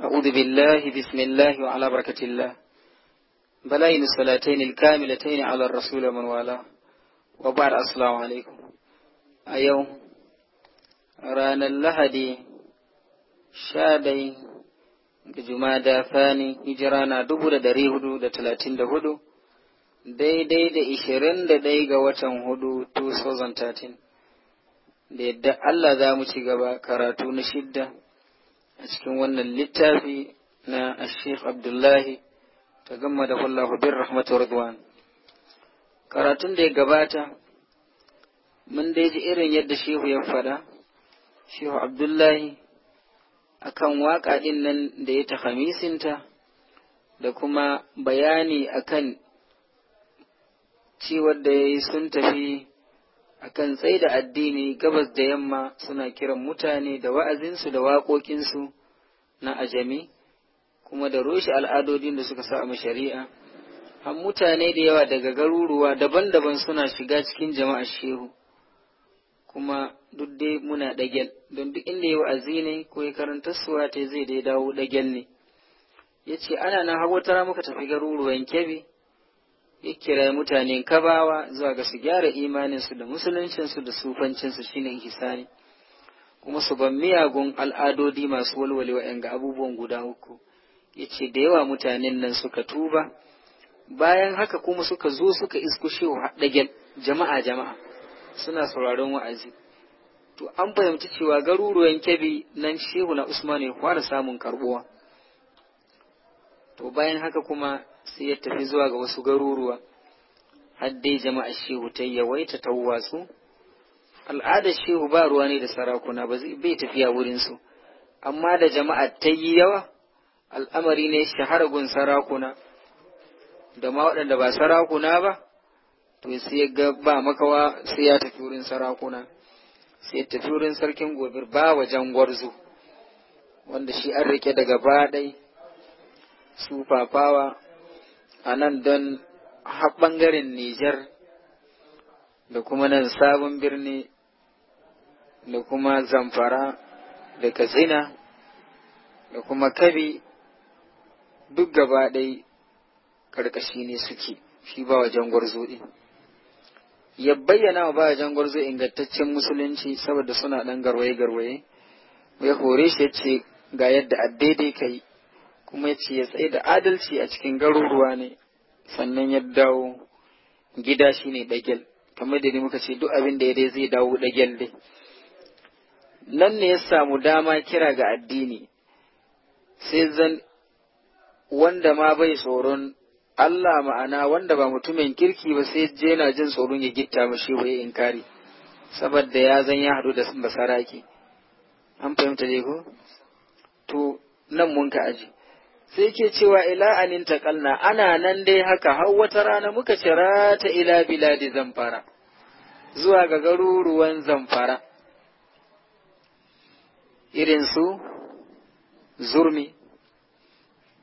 أعوذ بالله بسم الله وعلى بركة الله بلاين الصلاتين الكاملتين على الرسول ومن والاه وبعد السلام عليكم أيوم رانا اللهدي شادي jumada fani hijira na dubu da dari hudu da talatin da hudu daidai da ishirin da ɗaya ga watan hudu 2013 da yadda Allah za mu ci gaba karatu na shidda a cikin wannan littafi na Sheikh Abdullahi ta gama da wallahu bin rahmatu Ridwan. Karatun da ya gabata mun dai ji irin yadda Shehu ya fada Shehu Abdullahi akan waƙa ɗin nan da ya ta hamisinta da kuma bayani akan ciwar da ya yi sun tafi akan tsaye da addini gabas da yamma suna kiran mutane da wa'azinsu da waƙoƙinsu na ajami kuma da rushe al'adodin da suka sa a shari'a har mutane da yawa daga garuruwa daban-daban suna shiga cikin jama'a shehu kuma duk dai muna ɗagen, don duk inda ya wa'azi ne ko ya karanta suwa ta zai dai dawo ɗagen ne ya ce ana na har wata muka tafi garuruwan kebe ya kira mutanen kabawa zuwa ga su gyara imaninsu da musuluncinsu da sufancinsu shine hisani kuma su ban miyagun al'adodi masu walwale wa'yanga abubuwan guda uku yace da yawa mutanen nan suka tuba bayan haka kuma suka zo suka iskushe dagen jama'a jama'a suna sauraron wa'azi to an fahimci cewa garuruwan kebi nan shehu na usman ya fara samun karbuwa to bayan haka kuma sai ya tafi zuwa ga wasu garuruwa har dai jama'a shehu ta yawai ta tawwasu al'ada shehu ba ruwa ne da sarakuna ba bai tafiya wurinsu amma da jama'a ta yi yawa al'amari ne shaharagun sarakuna da ma waɗanda ba sarakuna ba to sai ga ba makawa sai ya tafi wurin sarakuna sai tafi wurin sarkin gobe ba wajen gwarzo wanda shi an rike daga baɗai su fafawa a nan don ɓangaren Nijar da kuma nan sabon birni da kuma zamfara da katsina da kuma kabi duk gaba ɗai ƙarƙashi ne suke shi ba wajen gwarzo ɗin ya bayyana wa ba wajen gwarzo ingantaccen musulunci saboda suna ɗan garwaye-garwaye ya hore shi ya ce ga yadda addai dai ka yi. kuma ya ce ya tsaye da adalci a cikin garuruwa ne sannan ya dawo gida shine dagel kamar da muka ce duk abin da ya dai zai dawo dagel dai nan ne ya samu dama kira ga addini sai zan wanda ma bai tsoron Allah ma'ana wanda ba mutumin kirki ba sai je yana jin tsoron ya gitta mashi ya inkari saboda ya zan ya haɗu da basaraki an fahimta dai ko to nan mun ka aji sai ke cewa ila anin taƙalna ana nan dai haka har wata rana muka cira ta ila biladi zamfara zuwa ga garuruwan zamfara irin zurmi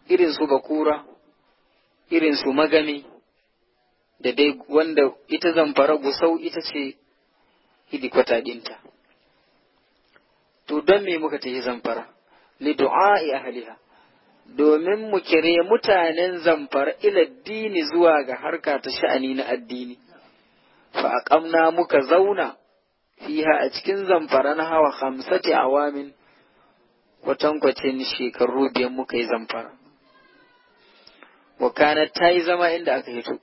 irin su bakura irin magami da dai wanda ita zamfara gusau ita ce hidikwata dinta to don me muka ta yi zamfara li du'a'i ahliha domin mu kire mutanen zamfar ila dini zuwa ga harka ta sha'ani na addini fa aqamna muka zauna fiha a cikin zamfara na hawa khamsati awamin kwatankwacin shekaru biyan muka yi zamfara wakana ta yi zama inda aka hito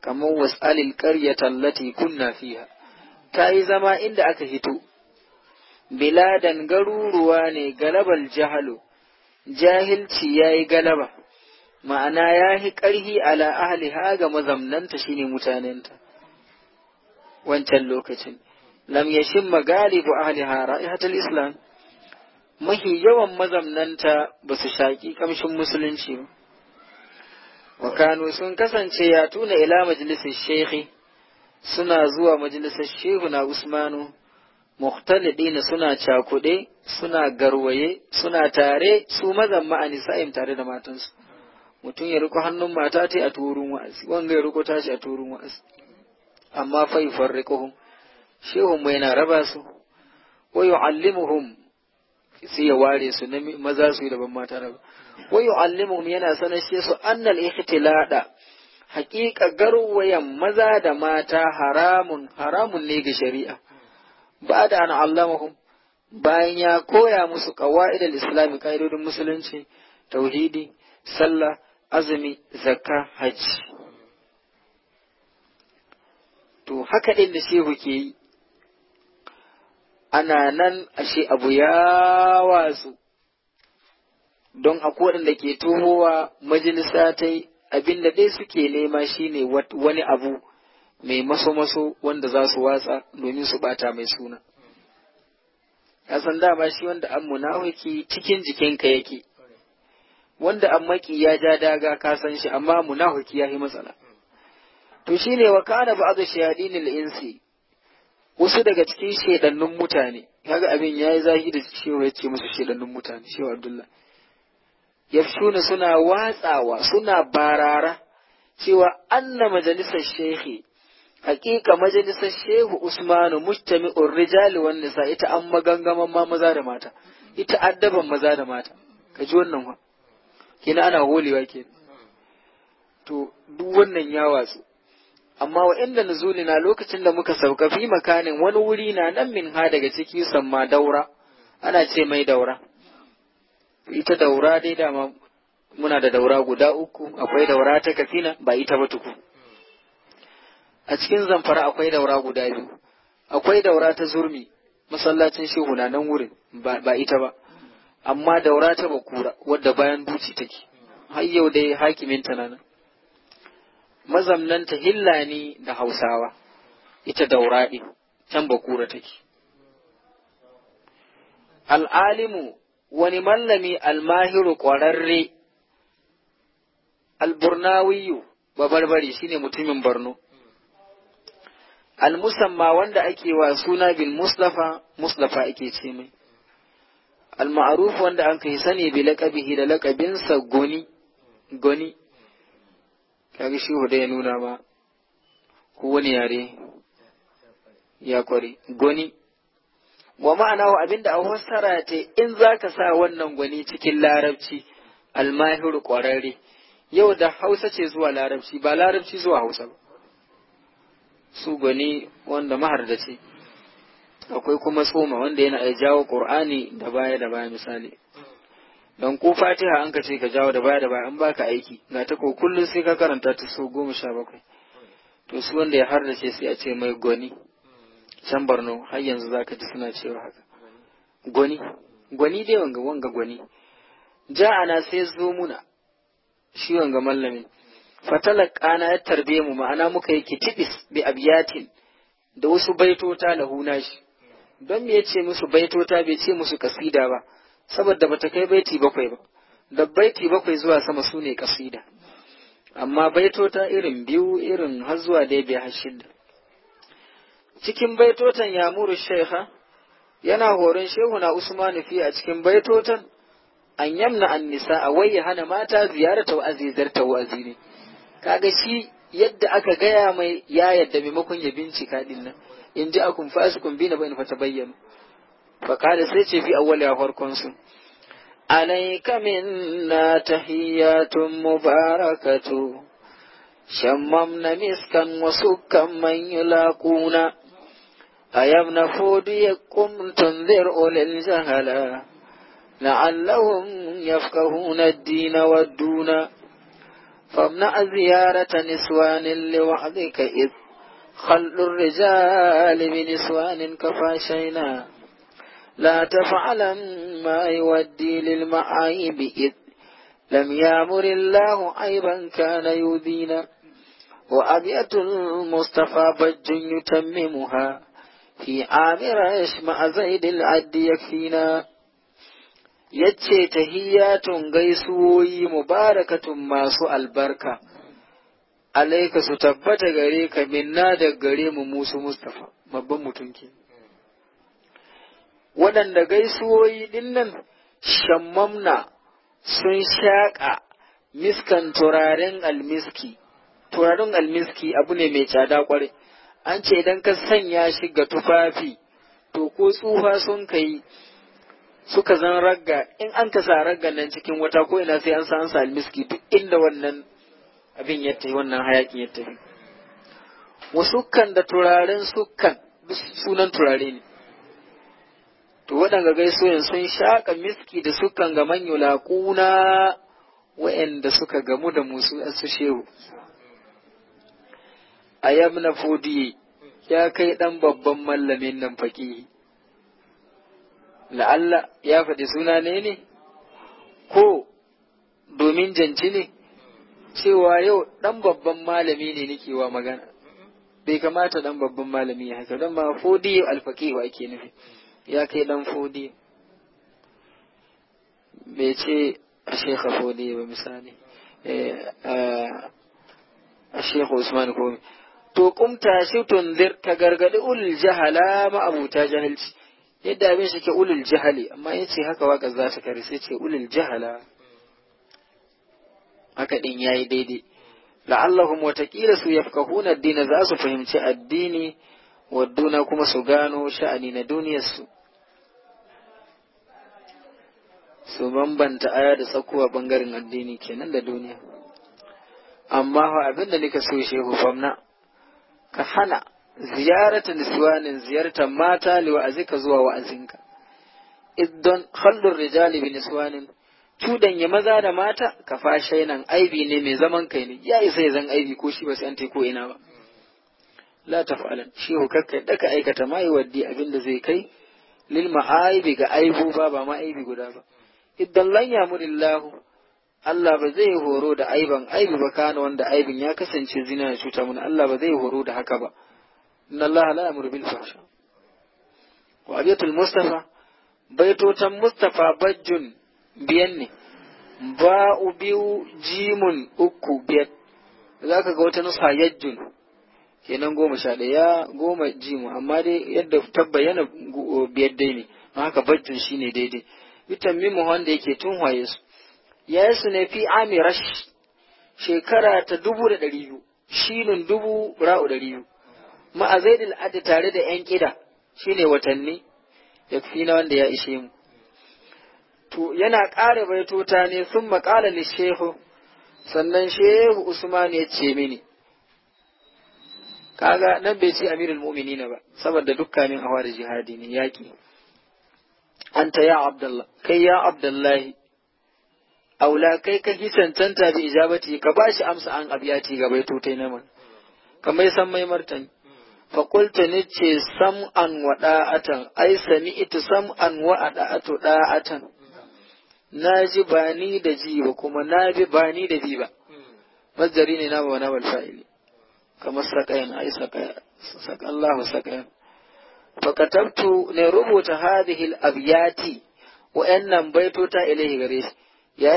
kamar wasalil qaryata allati kunna fiha ta yi zama inda aka hito biladan garuruwa ne galabal jahalu jahilci ya yi galaba ma'ana ya yi ƙarhi ala ahliha ga mazamnanta shine mutanenta wancan lokacin lam yashin magalibu ahliha ra'ihatul islam mahi yawan mazamnanta ba su shaƙi ƙamshin musulunci ba wa sun kasance ya tuna ila majalisar Shehi suna zuwa majalisar shehu na usmanu mukhtalidina suna cakuɗe suna garwaye suna tare su mazan ma'ani sa'im tare da matansu mutum ya riko hannun mata ta a turun wa'azi wanda ya riko tashi a turun wa'azi amma fa yufarriquhum shehun mai na raba su wa yu'allimuhum sai ya ware su na maza su daban mata raba wa yu'allimuhum yana sanar su annal ihtilada haƙiƙa garwayan maza da mata haramun haramun ne ga shari'a ba'da an allamahum bayan ya koya musu qawaidul islami kaidodin musulunci tauhidi sallah azumi zakka hajji to haka din da shehu ke yi ana nan ashe abu ya wasu don akwai da ke tuhowa majalisa ta abinda dai suke nema shine wani abu mai maso-maso wanda za su watsa domin su bata mai suna. Ya san dama shi wanda an munafiki cikin jikinka yake, wanda an maki ya ja daga ka san shi amma munafiki ya yi matsala. To shi ne wa kana ba azu shayadinil insi wasu daga cikin shaidannin mutane, kaga abin ya yi zahi da cewa ya ce musu shaidannin mutane, shewa Abdullah. Yafshuna suna watsawa, suna barara, cewa anna majalisar shehi Hakika majalisar Shehu Usmanu mujtami'ur rijal wan nisa ita an magangaman ma maza da mata. Ita addaban maza da mata. Ka ji wannan wa. Kina ana holewa ke. To duk wannan ya watsu. Amma wa inda nuzulina lokacin da muka sauka fi makanin wani wuri na nan min ha daga ciki samma daura. Ana ce mai daura. Ita daura dai dama muna da daura guda uku akwai daura ta kafina ba ita ba tuku. a cikin zamfara akwai daura guda biyu akwai daura ta zurmi masallacin shehu na nan wurin ba ita ba amma daura ta bakura wadda bayan duci take har yau dai hakimin ta nan mazamnanta hillani da hausawa ita daura ɗin can bakura take al'alimu wani mallami almahiru ƙwararre alburnawiyu babarbari shine mutumin borno al-musamma wanda ake wa suna bil muslafa muslafa ake ce mai wanda an kai sani bi laqabihi da laqabinsa goni goni kaga shi da ya nuna ba ko wani yare ya kware goni wa ma'ana wa abinda a fassara ta in zaka sa wannan gwani cikin larabci almahir kwararre yau da hausa ce zuwa larabci ba larabci zuwa hausa ba su gani wanda ce. akwai kuma tsoma wanda yana iya jawo ƙur'ani da baya da baya misali don ko fatiha an ka ce ka jawo da baya da baya an baka aiki ga ta ko kullum sai ka karanta ta so goma sha bakwai to su wanda ya ce sai a ce mai gwani can barno har yanzu za ka ji suna cewa haka gwani gwani dai wanga wanga gwani ja'ana sai zo muna shi wanga mallamin fatalaqana ya tarbe mu ma'ana muka yi kitibis bi abiyatin da wasu baitota lahuna shi don me ce musu baitota bai ce musu kasida ba saboda bata kai baiti bakwai ba da baiti bakwai zuwa sama su ne kasida amma baitota irin biyu irin har zuwa dai bai har cikin baitotan yamuru shaiha yana horon shehu na usmanu fi a cikin baitotan an yamna an nisa a wai ya hana mata ziyarata wa azizarta wa azini kaga shi yadda aka gaya mai ya yadda maimakon ya bincika din nan in ji akun fasikun bi na bayan fata bayyana fa kada sai ce fi awwal ya farkon su alayka minna tahiyyatun mubarakatu na miskan wasu sukkan man yulaquna أيم نفوديكم تنذر أولي الجهلة لعلهم dina الدين duna فامنع زيارة نسوان لوعدك إذ خل الرجال بنسوان كفاشينا لا تفعلا ما يودي للمعايب إذ لم يامر الله عيبا كان يودينا وأبية المصطفى بج يتممها في عامر يشمع زيد العد يكفينا yace tahiyyatun gaisuwoyi mubarakatun masu albarka alaika su tabbata gare ka minna da gare mu musu mustafa babban mutunki. waɗanda gaisuwoyi dinnan shammamna sun shaƙa miskan turaren almiski turaren almiski abu ne mai tsada kwarai an ce idan ka sanya shi ga tufafi to ko tsufa sun kai suka zan ragga in an ka sa raggan nan cikin wata ko ina sai an sa an sa almiski duk inda wannan abin ya tafi wannan hayakin ya tafi wasukan da turaren sukan sunan turare ne to waɗanga gaisoyin sun shaƙa miski da sukan ga manyo laƙuna wa'anda suka gamu da musu su shehu a yamna fodiye ya kai ɗan babban mallamin nan faƙihi Allah ya faɗi suna ne ne ko domin janci ne cewa yau ɗan babban malami ne nake wa magana bai kamata ɗan babban malami ya haka don ma fodiyo alfaƙihu ake nufi ya kai ɗan fodi bai ce a shekha fodi ba misali eh, a shekha usman komi to kumta shi tunzir ka gargaɗi ul jahala abuta jahilci yadda abin shi ke ulul jahali amma ya ce haka waka za ta kare sai ce ulul jahala haka din ya yi daidai la'allahum watakila su hunar addini za su fahimci addini wadduna kuma su gano sha'ani na duniyarsu su bambanta aya da tsakuwa bangaren addini kenan da duniya amma abin da nika so shehu famna ka hana ziyarata niswanin ziyartar mata li ka zuwa wa'azinka idan khallur rijali bi niswanin ya maza da mata ka fashe nan aibi ne mai zaman kai ne ya isa ya zan aibi ko shi ba sai an tai ko ina ba la taf'alan shi hukakka da ka aikata mai waddi abinda zai kai lil ma'aibi ga aibu ba ba ma aibi guda ba idan lan yamurillahu Allah ba zai horo da aiban aibi ba kana wanda aibin ya kasance zina ya cuta mun Allah ba zai horo da haka ba إن الله لا يأمر بالفحشاء وأبيات المصطفى بيتوتا مصطفى بج بيني باء بيو جيم أكو بيت ذاك قوت نصها يجن kenan goma sha ɗaya goma jimu amma dai yadda ta bayyana biyar dai ne don haka shi ne daidai vitamimu wanda yake tun waye su ya yi su ne fi amirash shekara ta dubu da ɗari biyu shinin dubu ra'u ɗari biyu ma'a zaidil tare da yan ƙida shine watanni ya na wanda ya ishe mu to yana ƙara baitota ne sun maƙala ni shehu sannan shehu usman ya ce mini kaga nan bai ce amirul mu'minina ba saboda dukkanin hawa da jihadi ne yaƙi anta ya abdullah kai ya abdullahi aula kai ka fi cancanta bi ijabati ka ba shi amsa an abiyati ga bai tutai na man kamar san mai martani fakulta ni ce sam'an wa ɗa'atan, ai sami ita sam'an wa ɗa'atan, na ji ba ni da ji ba kuma na bi ba ni da bi ba, mazdari ne na ba wani wal fa'ili, kamar saƙayan, ai saƙa Allahu saƙayan. Fakatabtu ne rubuta hadihil abiyati wa'yannan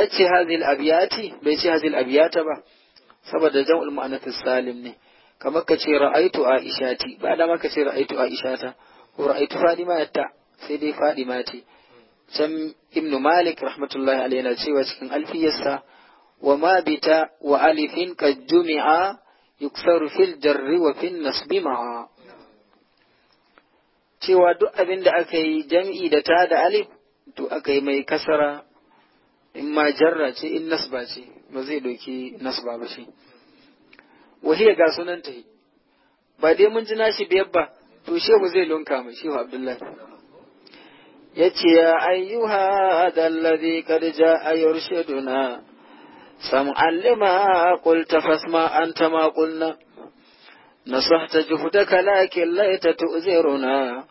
ce abiyati bai ce hadihil abiyata ba, saboda jam'ul ma'anatis salim ne. kamar ka ce ra'aitu a aishati ba da maka ce ra'aitu aishata ko ra'aitu fadima yatta sai dai fadima ce can ibnu malik rahmatullahi alayhi yana cewa cikin alfiyarsa wa ma bita wa alifin ka jumi'a yuksaru fil jarri wa fil nasbi ma'a cewa duk abin da aka yi jam'i da ta da alif to aka yi mai kasara in ma jarra ce in nasba ce ba zai ɗauki nasba ba shi وهي غاسونن تهي ba dai mun ji nashi biyar ba to shehu zai lunka mu shehu abdullahi ya ce ya ayyuha dalladhi kad jaa yurshiduna sam allima qulta fasma anta ma qulna nasahta juhdaka lakin laita tu'ziruna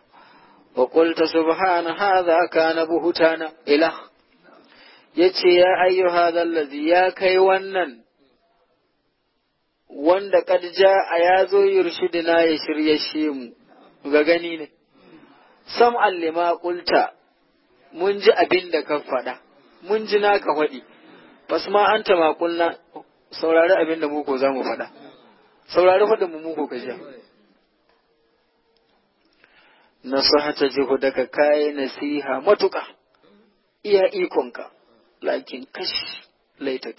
wa qulta subhana hadha kana buhutana ila. ya ce ya ayyuha dalladhi ya kai wannan wanda kadja a ya zo yurshidina ya shirye shi mu ga gani ne sam allima kulta mun ji abin da ka faɗa mun ji naka faɗi bas ma an ta makulna saurari abin da muku za mu faɗa saurari faɗin mu muku ka ji ko daga kayi nasiha matuka iya ikonka lakin kashi laita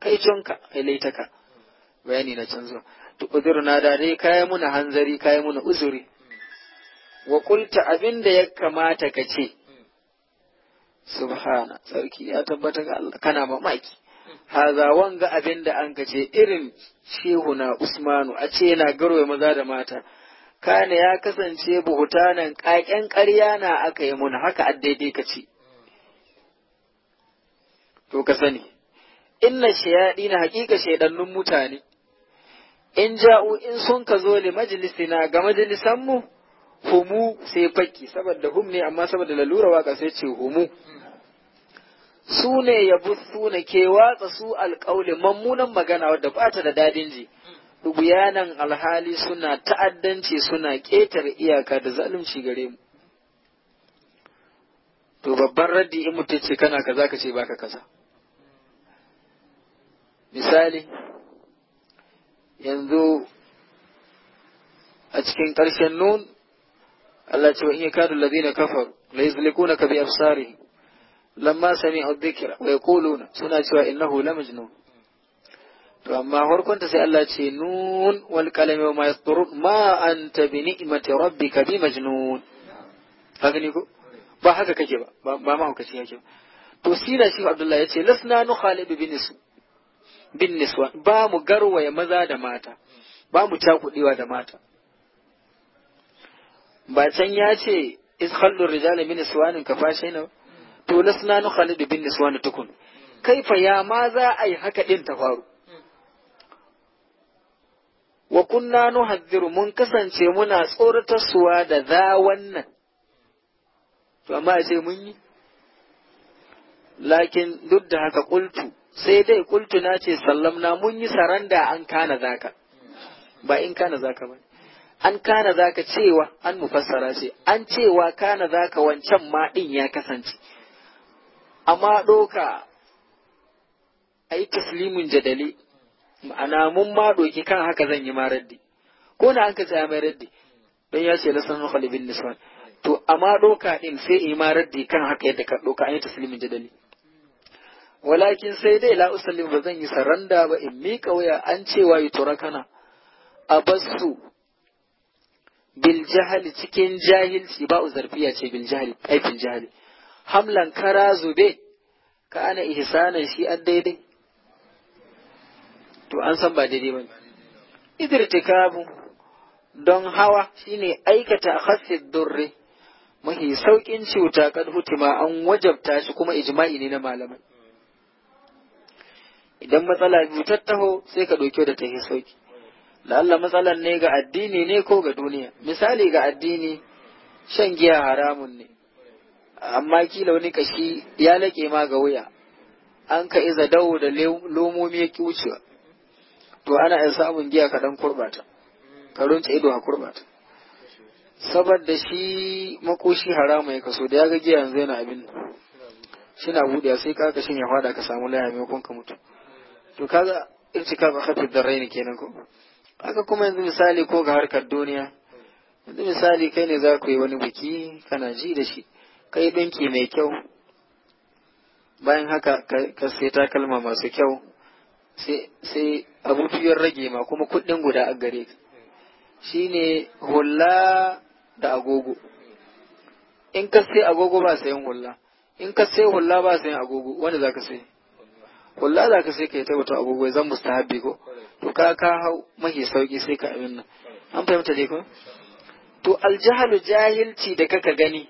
kaitonka ai ka. bayani na canzo to udurna da dai kai muna hanzari kai muna uzuri wa qulta abinda ya kamata ka ce subhana sarki ya tabbata ga Allah kana mamaki haza wanga abinda an ka irin irin na Usmanu a ce yana garwaye maza da mata kana ya kasance buhutanan kaken ƙarya na aka yi muna haka addaidai ka ce to ka sani inna shayadi na hakika shaiɗannun mutane in ja'u in sun ka zo li majlisina ga majalisan mu humu sai fakki saboda hum ne amma saboda lalura waka sai ce humu su ne ya na ke watsa su alƙauli mammunan magana wadda bata da dadin ji dubuyanan alhali suna ta'addanci suna ƙetare iyaka da zalunci gare mu to babban raddi in mutum ce kana kaza ka ce baka kaza misali yanzu a cikin ƙarshen nun Allah ce wa in yakadu alladhina kafar la ka bi absarihim lamma sami dhikra wa yaquluna suna cewa innahu lamajnun to amma farkon sai Allah ce nun wal qalami wa ma yasturun ma anta bi ni'mati rabbika bi majnun haka ne ko ba haka kake ba ba ma haka kake ba to sina shi Abdullahi yace lasna nu khalid bin su bin niswa ba mu garwaya maza da mata ba mu cakuɗewa da mata ba can ya ce is khallu rijala min niswanin ka fashe na to lasna nu khalidu bin niswan tukun kaifa ya ma za a yi haka din ta faru wa kunna nuhadhiru mun kasance muna tsoratarsuwa da za wannan to amma sai mun yi lakin duk da haka kultu. sai dai kultu na ce na mun yi saranda an kana zaka ba in kana zaka ba an kana zaka cewa an mufassara ce an cewa kana zaka wancan ma din ya kasance amma doka ai taslimun jadali ma'ana mun ma doki kan haka zan yi ma raddi ko na an ka tsaya mai raddi don ya ce lasan khalibin nisan to amma doka din sai in yi ma raddi kan haka yadda ka doka an yi taslimin jadali walakin sai dai la usallim ba zan yi saranda ba in mika waya an cewa yi turakana a basu bil jahali cikin jahilci ba uzarfiya ce bil jahali aikin jahali hamlan kara zube ka ana ihsanan shi an daidai to an san ba daidai ba idirtikabu don hawa shine aikata khassid durri mahi saukin cuta kad hutima an wajabta shi kuma ijma'i ne na malamai idan matsala biyu ta taho sai ka ɗauke da ta yi sauki la'alla matsalan ne ga addini ne ko ga duniya misali ga addini shan giya haramun ne amma kila wani kashi ya laƙe ma ga wuya an ka iza dawo da lomomi ya ki wucewa to ana iya samun giya kaɗan kurbata ka runce ido a kurbata saboda shi makoshi haramun ya kaso da ya ga giya yanzu yana abin shi na buɗe sai ka kashin ya fada ka samu laya maimakon ka mutu to kaga irtikab da raini kenan ko Haka kuma yanzu misali ko ga harkar duniya yanzu misali kai ne za ku yi wani biki kana ji da shi ka yi ɗinki mai kyau bayan haka ka sai takalma masu kyau sai abu biyar rage ma kuma kuɗin guda a gare ka shi ne hula da agogo in ka sai agogo ba sayan hula in ka sai hula ba sayan agogo wanda za ka sai kulla za ka sai ka yi ta wata abubuwa zan mustahabbi ko to ka ka hau mahi sauki sai ka abin nan an fahimta dai ko to aljahalu jahilci da kaka gani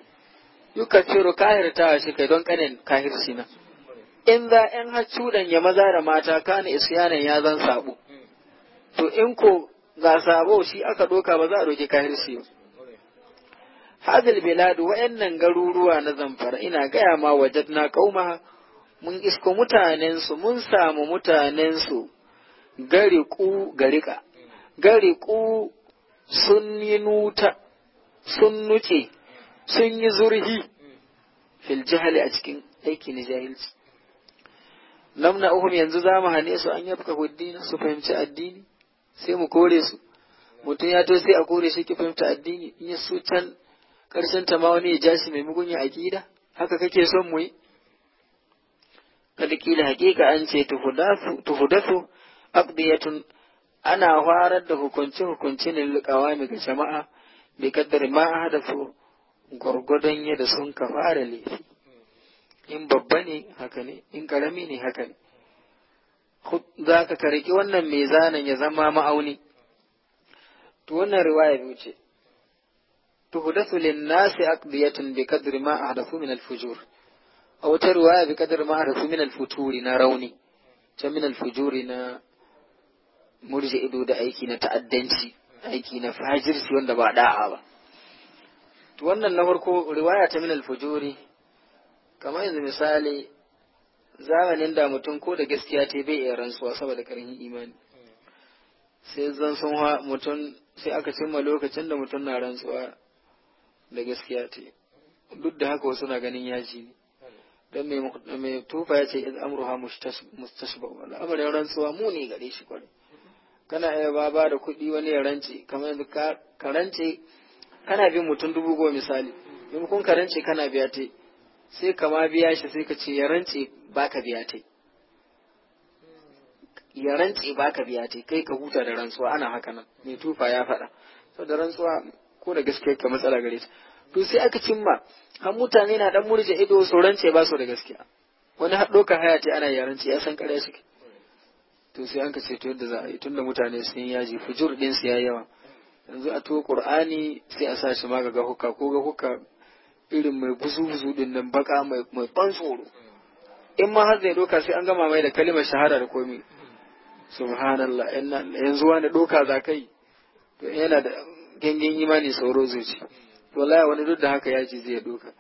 yuka ciro kahirtawa shi kai don kanin kahirci na in za in har cudan ya maza da mata kana isyanan ya zan sabo to in ko ga sabo shi aka doka ba za a doki kahirci ba hadal biladu wa'annan garuruwa na zamfara ina gaya ma wajadna qaumaha mun isko mutanensu mun samu mutanensu gariku garika gariku sun yi nuta sun nuce sun yi zurhi fil jahali a cikin aiki na jahilci lamna uhum yanzu za mu hane su an yafka huddina su fahimci addini sai mu kore su mutum ya to sai a kore shi ki fahimta addini in ya can karshen ta ma wani ya ja shi maimakon ya aƙida haka kake son mu yi kada kila hakika an ce tuhudasu aqdiyatun ana warar da hukunci hukunci ne liqawami ga jama'a bi kaddar ma su gurgudan yadda sun ka fara laifi in babba ne haka ne in karami ne haka ne za ka karki wannan mai zanen ya zama ma'auni to wannan riwaya biyu ce tuhudasu lin nasi aqdiyatun bi kaddar ma hadathu min al-fujur a wata ruwaya bi kadar ma arafu min al-futuri na rauni can min al-fujuri na murje ido da aiki na ta'addanci aiki na fajirci wanda ba da'a ba to wannan na farko riwaya ta min al-fujuri kamar yanzu misali zamanin da mutum ko da gaskiya ta bai iya rantsuwa saboda karhin imani sai zan sun mutum sai aka cimma lokacin da mutum na rantsuwa da gaskiya ta duk da haka wasu na ganin yaji ne dan mai tufa ya ce amruha mustasba al'amarin rantsuwa muni gare shi kwarai kana iya ba ba da kuɗi wani ya rance kamar yanzu ka rance kana bin mutum dubu goma misali kun ka rance kana biya ta sai ka ma biya shi sai ka ce ya rance baka biya ta ya rantse baka biya ta kai ka huta da rantsuwa ana haka nan mai tufa ya faɗa saboda rantsuwa ko da gaskiya ka matsala gare shi to sai aka cimma an mutane na dan murje ido su rance ba su da gaskiya wani har doka haya ce ana yaran ya san kare suke to sai an ka ce to yadda za a yi tunda mutane sun yaji fujur din su yayi yawa yanzu a tuwo qur'ani sai a sa shi ma ga hukka ko ga hukka irin mai buzu-buzu din nan baka mai mai ban tsoro in ma har zai doka sai an gama mai da kalimar shahara da komai subhanallah yanzu wani doka za kai to yana da gangan imani sauro zuci wallahi wani duk da haka yaji zai doka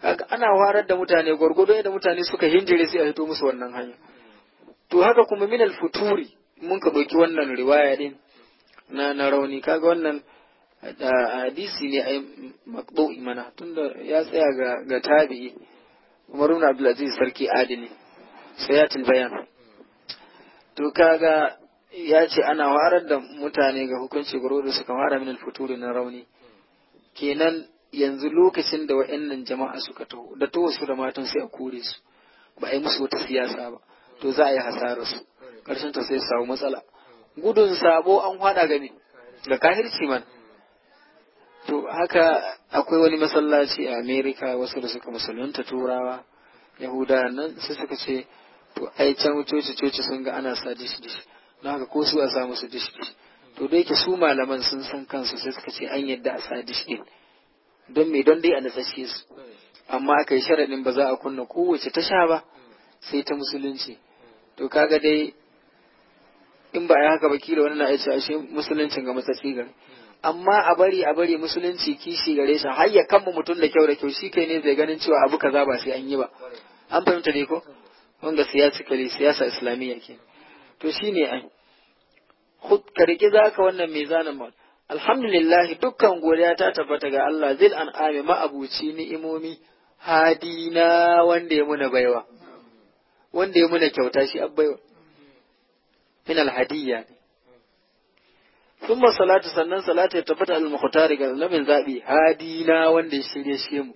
haka ana warar da mutane gwargwado da mutane suka hinjire sai a fito musu wannan hanya to haka kuma min futuri mun ka ɗauki wannan riwaya din na na rauni kaga wannan hadisi ne ai maqdu'i mana tunda ya tsaya ga ga tabi'i Umar ibn Abdul Aziz sarki adini sayatul bayan to kaga ya ce ana warar da mutane ga hukunci gwargwado suka fara min futuri na rauni kenan yanzu lokacin da wa'annan jama'a suka taho da taho su da matan sai a kore su ba a yi musu wata siyasa ba to za a yi hasarar su karshen ta sai su samu matsala gudun sabo an hada ga da kahirci man to haka akwai wani masallaci a Amerika wasu da suka musulunta turawa yahuda nan sai suka ce to ai can coci coci sun ga ana sa dish dish don haka ko su a sa musu dish dish to da yake su malaman sun san kansu sai suka ce an yadda a sadish din don me don dai a natsashe su amma aka yi sharaɗin ba za a kunna kowace sha ba sai ta musulunci to kaga dai in ba a yi haka ba kila wani na aice a shi musuluncin ga matsatsi gare amma a bari a bari musulunci kishi gare shi har ya kama mutum da kyau da kyau shi kai ne zai ganin cewa abu kaza ba sai an yi ba an fahimta ne ko wanda siyasa kare siyasa islamiyya ke to shine an. ka riƙi za ka wannan mizanin mal alhamdulillah dukkan godiya ta tabbata ga Allah zil an ami ma'abuci ni'imomi hadina wanda ya muna baiwa wanda ya muna kyauta shi an baiwa min alhadiyya ne ثم salatu sannan salatu ya tabbata al-mukhtari ga nabin zabi hadina wanda ya shirye shi mu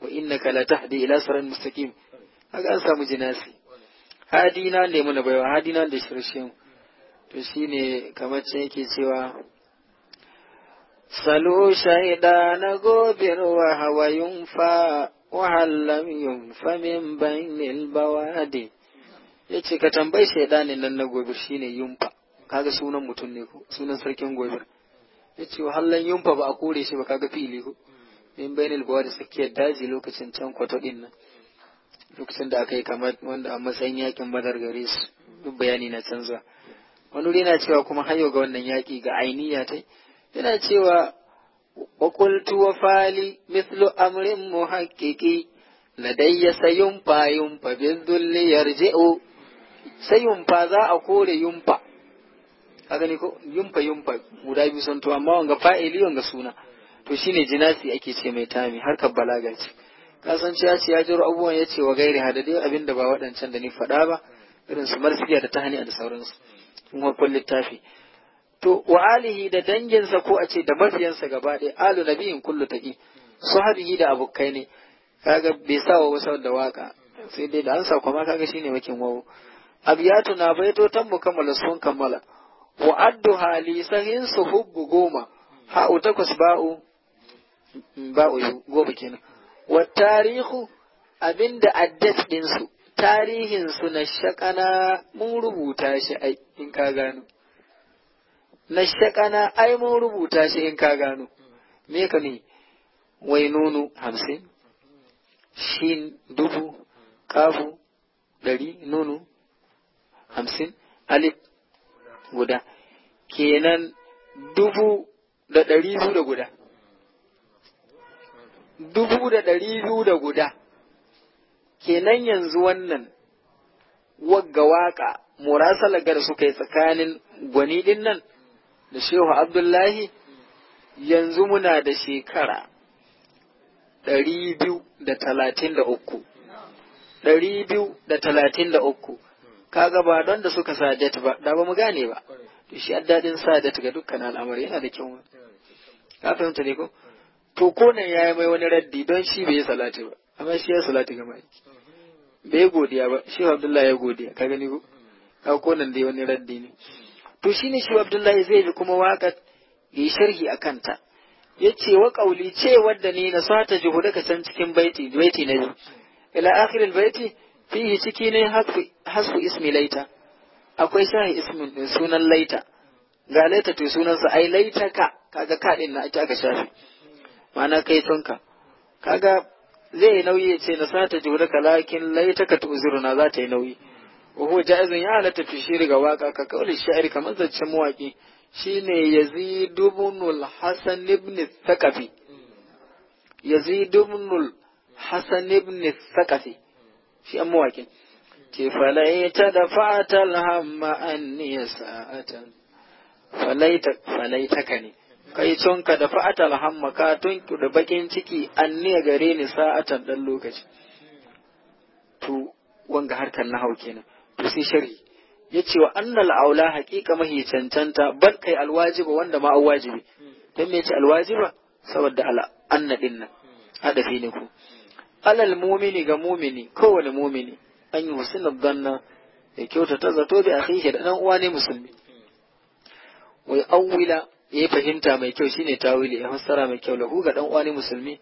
wa innaka la tahdi ila siratal mustaqim haka an samu jinasi hadina ne muna baiwa hadina da shirye shi mu to shine kamar ce yake cewa salu shaidana gobir wa hawa yunfa wa lam yunfa min bainil bawadi yace ka tambayi shaidanin nan na gobir shine yunfa kaga sunan mutum ne ko sunan sarkin gobir yace wa lam yunfa ba a kore shi ba kaga fili ko min bainil bawadi tsakiyar daji lokacin can kwato din nan lokacin da aka yi kamar wanda a matsayin yakin badar gare su duk bayani na canza wani wuri yana cewa kuma hayo ga wannan yaƙi ga ainiya ta yana cewa wa qultu wa fali mithlu amrin muhaqqiqi ladayya sayunfa yunfa bizulli yarji'u fa za a kore yunfa ka gani ko yun fa guda biyu sun to amma wanga fa'ili wanga suna to shine jinasi ake ce mai tami ka balaga ce kasance ya ce ya jiro abubuwan ya ce wa gairi hadadai abinda ba waɗancan da ni faɗa ba irin su marsiya da ta hani da sauransu farkon littafi to wa alihi da danginsa ko a ce da mafiyansa gaba ɗaya alu na biyun kullu Su sahabihi da abokai ne kaga bai sa wa wasu da waka sai dai da an sa kuma kaga shine makin wawo abiyatu na baito tan kammala sun kammala wa addu hali sahin hubbu goma ha'u takwas ba'u ba'u goma kenan wa tarihu abinda addas ɗinsu tarihin su na shakana mun rubuta shi ai in ka gano na shakana ai mun rubuta shi in ka gano me ka ne wai nunu hamsin shin dubu kafu dari nunu hamsin alif guda kenan dubu da dari biyu da guda dubu da dari biyu da guda kenan yanzu wannan wagga waka murasala gar suka yi tsakanin gwani din nan da shehu abdullahi yanzu muna da shekara ɗari biyu da talatin da uku ɗari biyu da talatin da uku kaga ba don da suka sa det ba da ba mu gane ba to shi addadin det ga dukkan al'amari yana da kyau ka fahimta ne ko to ko nan yayi mai wani raddi don shi bai yi salati ba amma shi ya salati ga ma'aiki bai godiya ba shi abdullahi ya godiya ka gani ko ka ko nan dai wani raddi ne to shine shi abdullahi zai bi kuma waka yi sharhi a kanta ya ce wa ƙauli ce wadda ne na sata jihu ka can cikin baiti baiti na biyu ila akhiril baiti fihi ciki ne hasu ismi laita akwai shahi ismin sunan laita ga laita to sunansa ai laita ka kaga kaɗin na ita aka shafi ma'ana kai tunka kaga zai yi nauyi ya ce na sata ka lakin laita ka tuzuruna za ta yi nauyi Wahu huwa ya halatta fi shiri ga waka ka kauli sha'ir kamar zancen mawaki Shi ne ibn al Hassan ibn thaqafi yazid ibn al ibn thaqafi shi an mawaƙin. ce falaita da fatal hamma an sa'atan falaita falaita ka ne kai ka da fa'atal hamma ka da bakin ciki an ne gare ni sa'atan dan lokaci to wanga harkar na hau kenan to sai ya ce wa annal aula haqiqa mahi cancanta bal kai alwajiba wanda ma wajibi dan me ce alwajiba saboda al anna dinna Haɗa ne ku alal mumini ga mumini kowane mumini an yi wasu nabdanna ya kyautata zato bi akhihi da ɗan uwa ne musulmi wai awwila ya eh, fahimta mai kyau shine tawili ya eh, fassara mai kyau lahu ga dan uwani musulmi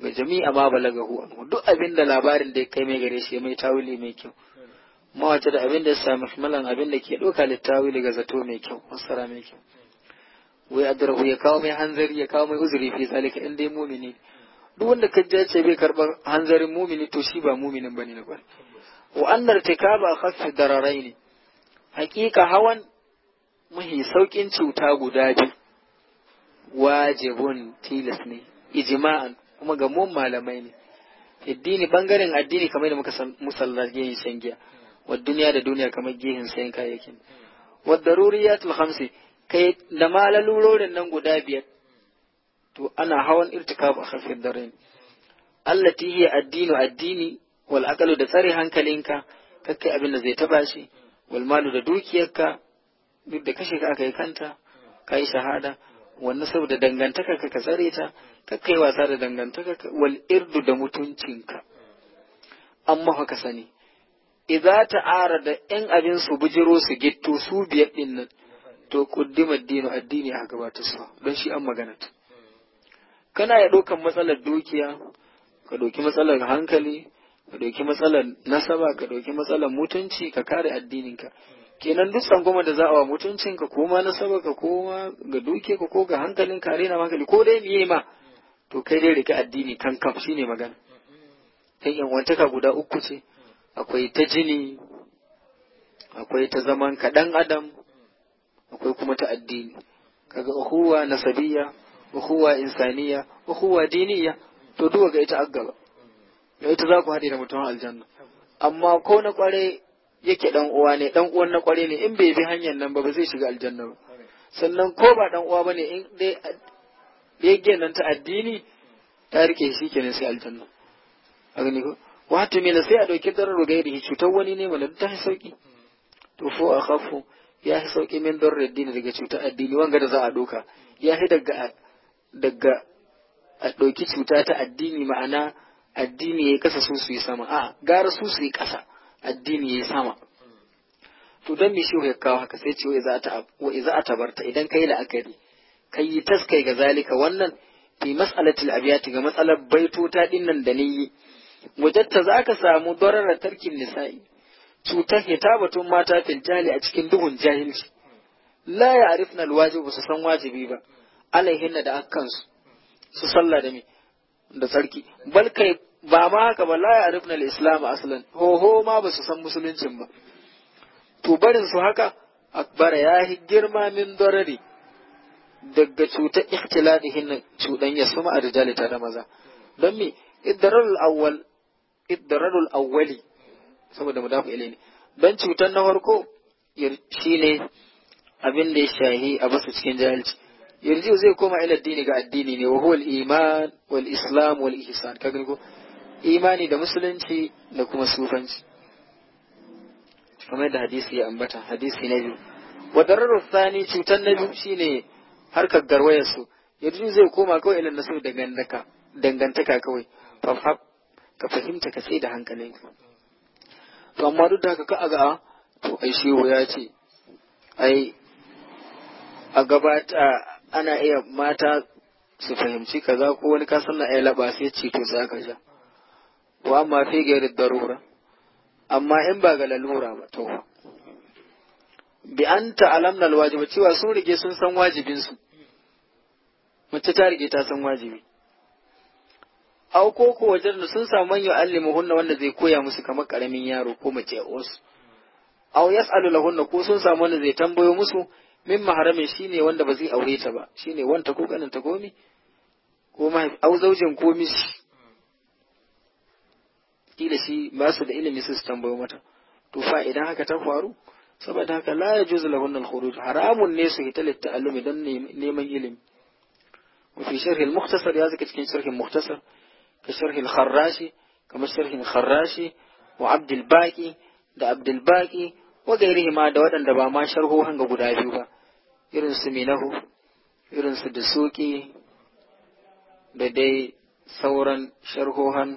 ga jami'a ma balagahu duk abin da labarin da kai mai gare shi mai tawili mai kyau mawace da abin da ya sami malan abin da ke doka littawili ga zato mai kyau fassara mai kyau wai adrahu ya kawo mai hanzari ya kawo mai uzuri fi zalika inda dai mumini duk wanda ka ce bai karba hanzarin mumini to shi ba muminin bane na kwari wa annar tikaba khaffi dararaini hakika hawan mahi sauƙin cuta guda biyu wajibun tilas ne ijima'an kuma ga mun malamai ne addini bangaren addini kamar da muka musalla gehen shan giya wa duniya da duniya kamar gehen sayan kayayyakin wa daruriyatul khamsi kai da malalurorin nan guda biyar to ana hawan a kafin darain allati hiya addinu addini wal aqalu da tsare hankalinka kakkai abin da zai taba shi wal malu da dukiyarka duk da kashe ka aka yi kanta ka yi shahada wannan saboda dangantaka ka ka tsare ta ka kai wasa da dangantaka ka wal irdu da mutuncinka amma fa ka sani idza ta'ara da yan abin su bujiro su gitto su biyar din nan to kuddima dinu addini a gabata su don shi an magana ta kana ya ɗaukan matsalar dukiya ka ɗauki matsalar hankali ka ɗauki matsalar nasaba ka ɗauki matsalar mutunci ka kare addininka kenan duk goma da za a wa mutuncinka ko ma sabaka ko ma ga duke ko ga hankalin ka arena hankali ko dai miye ma to kai dai rike addini kan kaf shine magana dan yan wantaka guda uku ce akwai ta jini akwai ta zaman ka dan adam akwai kuma ta addini kaga uhuwa nasabiyya uhuwa insaniya uhuwa diniya to duwa ga ita aggaba da ita za ku haɗe da mutum aljanna amma ko na kware yake dan uwa ne dan uwan na kware ne in bai bi hanyar nan ba ba zai shiga aljanna ba sannan ko ba dan uwa bane in dai yake nan ta addini ta rike shi kenan sai aljanna a gani ko wato me sai a dauki darar gairi cutar wani ne mana ta sauki to fo a khafu ya fi sauki min darar addini daga cutar addini wanga da za a doka ya fi daga daga a ɗauki cuta ta addini ma'ana addini ya kasa su su yi sama a gara su su yi kasa addini ya yi sama to don me shehu ya kawo haka sai ce wa iza a tabarta idan kai la'akari kai yi taskai ga zalika wannan fi mas'alatul abiyati ga matsalar baitota dinnan da niyi wajatta za ka samu dararar tarkin nisa'i cutar ya tun mata fintali a cikin duhun jahilci la ya arifna alwajib ba su san wajibi ba alaihinna da akansu su sallah da me da sarki bal kai ba ma haka ba la ya'rifna al-islam aslan hoho ma ba su san musuluncin ba to barin su haka akbar yahi girma min darari daga cutar ikhtiladihin cuɗanya suma a arjali ta da maza don me iddararul awwal iddararul awwali saboda mudafu ilai ne don cutar na farko shine abin da ya shahi a basu cikin jahilci yarji zai koma ila addini ga addini ne wa huwa al-iman wal islam wal ihsan kaga ko imani da musulunci da kuma sufanci kamar da hadisi ya ambata hadisi na biyu wadararru sani cutar na biyu shine harkar garwayar su yanzu zai koma kawai ilan nasu dangantaka dangantaka kawai fafaf ka fahimta ka sai da hankalin to amma duk da haka ka aga to ai shi ya ce ai a gabata ana iya mata su fahimci kaza ko wani kasan na ai laba sai ce to za ka ja wa amma fi gairi darura amma in ba ga lalura ba to bi an ta'alamna alwajiba cewa sun rige sun san wajibin su mace ta rige ta san wajibi au ko ko wajen sun samu man yu'allimu hunna wanda zai koya musu kamar karamin yaro ko mace a wasu au yas'alu lahunna ko sun samu wanda zai tambayo musu min maharamin shi ne wanda ba zai aure ta ba shi ne wanta ko ganin ta komi ko mahaifi au zaujin ko kila shi ba su da ilimi su tambayo mata to fa idan haka ta faru saboda haka la yajuz lahun al-khuruj haramun ne su hita litta'allumi don neman ilimi wa fi sharh al-mukhtasar ya zaka cikin sharhin mukhtasar ka sharhin kharrashi kamar sharhin kharrashi wa abd al-baqi da abd al-baqi wa gairihi ma da waɗanda ba ma sharhohan ga guda biyu ba irin su minahu irin su da suki da dai sauran sharhohan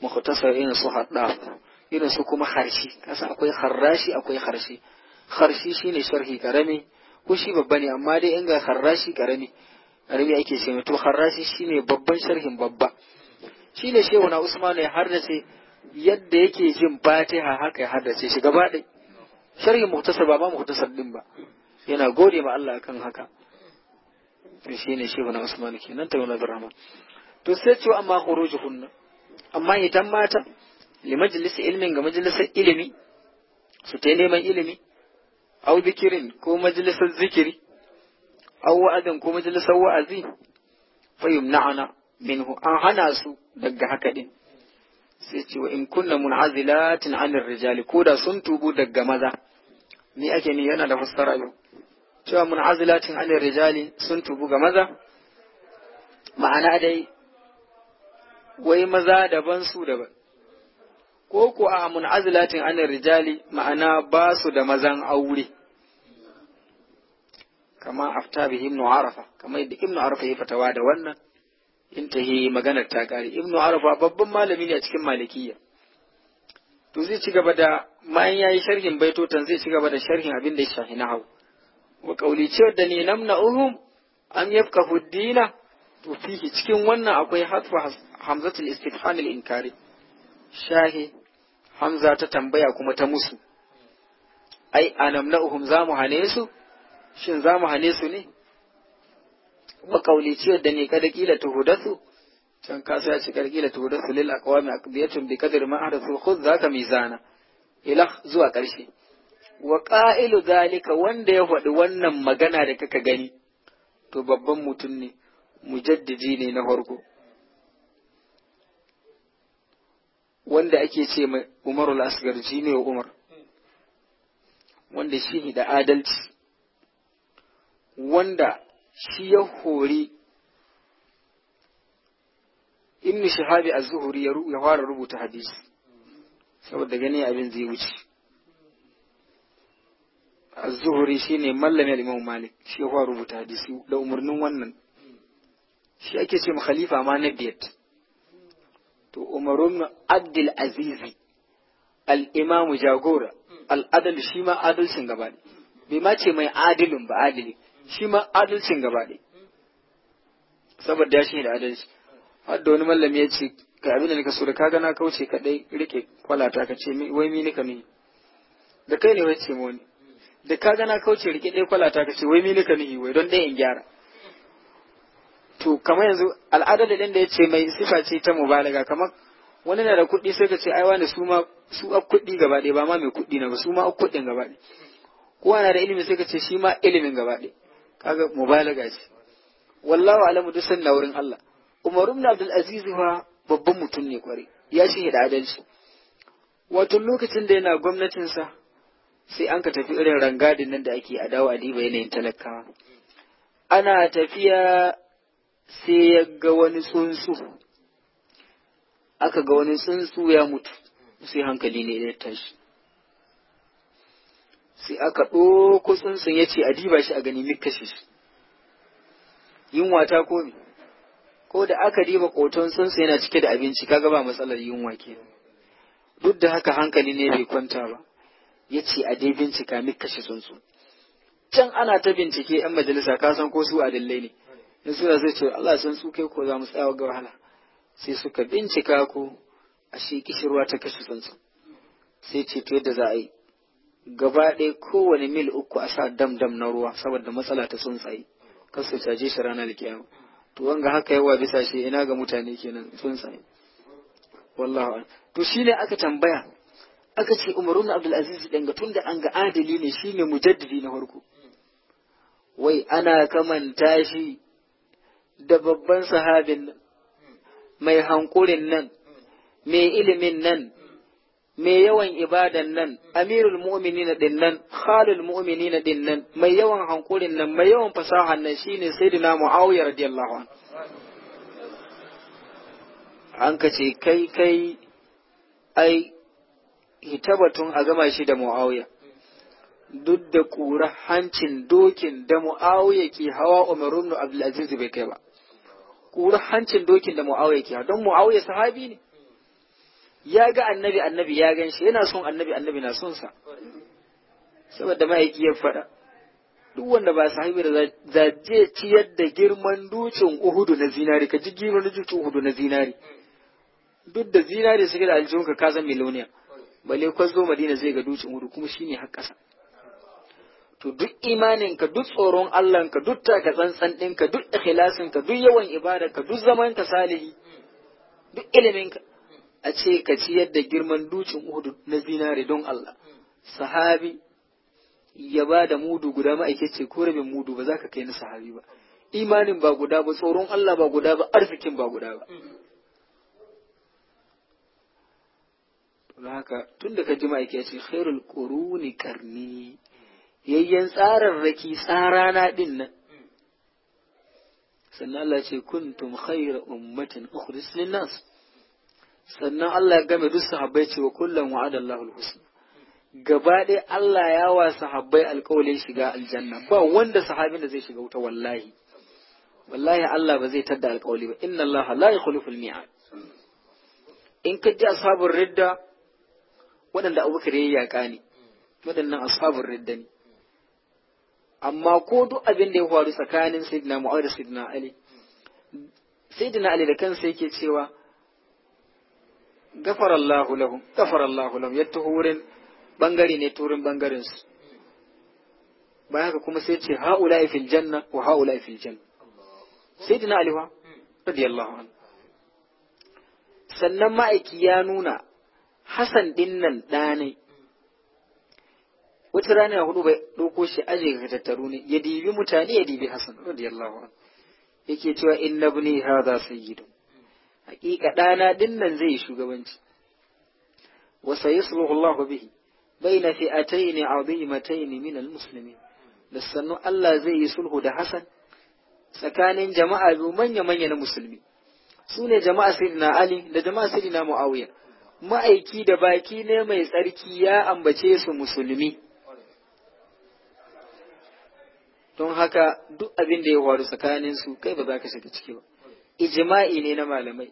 mukhtasar irin su haddaf irin su kuma harshi kasa akwai harrashi akwai harshi harshi shine sharhi karami ko shi babba ne amma dai in ga harrashi karami karami ake ce to harrashi shine babban sharhin babba shine shehu na Usman ya haddace yadda yake jin fatiha haka ya haddace shi gaba ɗaya sharhin muhtasar ba ma muhtasar din ba yana gode ma Allah akan haka to shine shehu na usmanu kenan ta wala rahman to sai ce amma khurujuhunna amma idan mata li majalisa ilmin ga majalisar ilimi su ta neman ilimi au zikirin ko majalisar zikiri au wa'azin ko majalisar wa'azi fa yumna'ana minhu an hana su daga haka din sai ce wa in kunna mun'azilatin 'anil rijali ko da sun tubu daga maza ni ake ni yana da fassara yau cewa mun'azilatin 'anil rijali sun tubu ga maza ma'ana dai wai maza daban su daban ko ko a mun'azilatin an rijali ma'ana ba su da mazan aure kama afta bi ibnu arafa kamar yadda ibnu arafa ya fatawa da wannan in ta maganar ta kare ibnu arafa babban malami ne a cikin malikiya to zai ci gaba da mayan yayi sharhin baitotan zai ci gaba da sharhin abin da ya shafi na hau wa kauli ce da ni namna uhum an yafka huddina to fihi cikin wannan akwai hatfu hamzatul istifham al inkari shahi hamza ta tambaya kuma ta musu ai anamna'uhum za mu hane su shin za mu hane su ne wa kauli ciyar da ne kada kila tuhudasu can kasa ya ce kada kila tuhudasu lil aqwami aqdiyatun bi qadr ma ahdathu za ka mizana ila zuwa ƙarshe wa ƙa'ilu zalika wanda ya faɗi wannan magana da kaka gani to babban mutum ne mujaddidi ne na farko wanda ake ce mai Umaru asgar shi ne umar wanda shi da adalci wanda shi ya hori ibn shahabi a zuhuri ya fara rubuta hadisi saboda gani abin zai wuce zuhuri shi ne mallami al-imam malik shi ya fara rubuta hadisi da umarnin wannan shi ake ce ma khalifa ma na biyar. to Umar ibn Abdul Aziz al-Imam jagora al-adal shi ma adalcin gaba ne bai ma ce mai adilin ba adili shi ma adalcin gaba ne saboda shi da adalci har da wani mallami ya ce ka abin da nika so da ka gana kauce ka dai rike kwalata ka ce wai mi nika ni da kai ne wai ce mu ne. da ka gana kauce rike dai kwalata ka ce wai mi nika ni wai don dai in gyara to kamar yanzu al'adar da ya ce mai sifa ce ta mubalaga kamar wani na da kuɗi sai ka ce ai wani su ma su a kuɗi gaba ɗaya ba ma mai kuɗi na ba su ma a kuɗin gaba ɗaya kowa na da ilimi sai ka ce shi ma ilimin gaba ɗaya kaga mubalaga ce wallahu alamu duk sanna wurin Allah Umar ibn Abdul Aziz fa babban mutum ne kware ya shi da adalci wato lokacin da yana gwamnatinsa sai an ka tafi irin rangadin nan da ake a dawo a diba yanayin talakawa ana tafiya sai ya ga wani tsuntsu aka ga wani tsuntsu ya mutu sai hankali ne ya tashi sai aka ɗoko tsuntsun ya ce a diba shi a gani kashe shi yunwa ta komi ko da aka diba ƙoton tsuntsu yana cike da abinci kaga ba matsalar yunwa ke duk da haka hankali ne bai kwanta ba ya ce a dai bincika kashe tsuntsu can ana ta bincike 'yan majalisa kasan ko su adillai ne in suna zai ce Allah san su kai ko za mu tsaya ga wahala sai suka bincika ko a shi kishirwa ta kashe tsuntsu sai ce to yadda za a yi gaba ɗaya kowane mil uku a sa dam dam na ruwa saboda matsala ta tsuntsaye kar su caje shi ranar kiyama to wanga haka yawa bisa shi ina ga mutane kenan tsuntsaye wallahu to shine aka tambaya aka ce umaru na Abdul Aziz dan ga tunda an ga adali ne shine mujaddidi na farko wai ana kamanta shi da babban sahabin nan mai hankurin nan mai ilimin nan mai yawan ibadan nan, amirul na din nan, khalul na din nan, mai yawan hankurin nan, mai yawan fasahan nan shine sayyidina Muawiya radiyallahu An ka kai kai ai hitabatun a gama shi da Muawiya. Duk da ƙura hancin dokin da Muawiya ke hawa Umar Abdul Aziz bai kai ba. Kuri hancin dokin da mu'awiya ke don mu'awiya sahabi ne ya ga annabi annabi ya gan shi yana son annabi annabi na son sa saboda ma'aiki ya fada duk wanda ba sahabi da zaje ciyar da girman dukin uhudu na zinari ka ji girman dukin uhudu na zinari duk da zinari suke da aljihun ka san miloniya balle kwazo madina zai ga ducin uhudu kuma shine har kasa to duk imaninka duk tsoron Allahnka duk taka tsantsan ɗinka duk ikhlasinka duk yawan ibadarka duk zamanka salihi duk iliminka a ce ka ciyar da girman dukin Uhud na zinare don Allah sahabi ya ba da mudu guda ma'aikace ko rabin mudu ba za ka kai na sahabi ba imanin ba guda ba tsoron Allah ba guda ba arzikin ba guda ba haka tun da ka ji ma'aikaci khairul quruni karni yayyan tsararraki tsarana ɗin nan sannan Allah ce kuntum khayra ummatin ukhris linnas sannan Allah ya game duk sahabbai cewa kullum wa'ada Allah al-husna gaba ɗaya Allah ya wa sahabbai alƙawalin shiga aljanna ba wanda sahabin da zai shiga wuta wallahi wallahi Allah ba zai tadda alƙawali ba inna Allah la yukhlifu al-mi'ad in ka ji ashabul ridda waɗanda abu Abubakar ya yaƙa ne waɗannan ashabul ridda ne amma ko duk abin da ya faru tsakanin sayyidina mu'awiyah da sayyidina ali sayyidina ali da kansa yake cewa gafarallahu lahum gafarallahu lahum yatta hurin bangare ne turin bangaren su bayan haka kuma sai ce haula fil janna wa haula fil janna sayyidina ali wa radiyallahu anhu sannan ma'aiki ya nuna hasan dinnan ɗanai wata rana hudu bai ɗauko shi aje ga tattaru ne ya dibi mutane ya dibi Hassan radiyallahu anhu yake cewa inna ibni hadha sayyidun haƙiƙa ɗana dinnan zai yi shugabanci wa sayasluhu Allahu bihi baina fi'atayn 'azimatayn min almuslimin muslimin da sannu Allah zai yi sulhu da Hassan tsakanin jama'a biyu manya-manya na musulmi su ne jama'a sayyidina Ali da jama'a sayyidina Muawiya ma'aiki da baki ne mai tsarki ya ambace su musulmi don haka duk abin da ya faru tsakanin su kai ba za ka shiga ciki ba ijma'i ne na malamai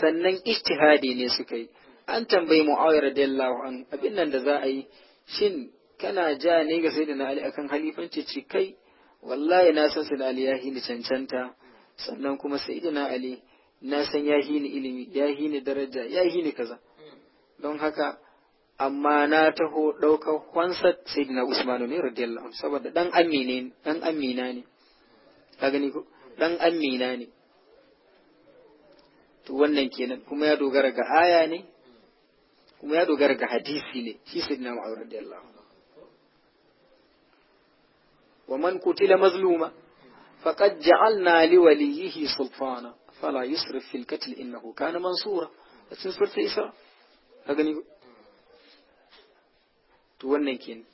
sannan ijtihadi ne suka yi an tambayi mu'awiyar radiyallahu an abin nan da za a yi shin kana ja ne ga sayyidina ali akan halifanci ce kai wallahi na san sayyidina ali ya ni cancanta sannan kuma sayyidina ali na san ya ni ilimi ya ni daraja ya ni kaza don haka amma na taho ɗaukar kwansar sayyidina usmanu ne radiyallahu anhu saboda dan amina ne dan amina ne ka gani ko dan amina ne to wannan kenan kuma ya dogara ga aya ne kuma ya dogara ga hadisi ne shi sayyidina mu'awiyah radiyallahu anhu wa man qutila mazluma faqad ja'alna li waliyhi sultana fala yusrif fil qatl innahu kana mansura cikin surta isra ka gani to wannan kenan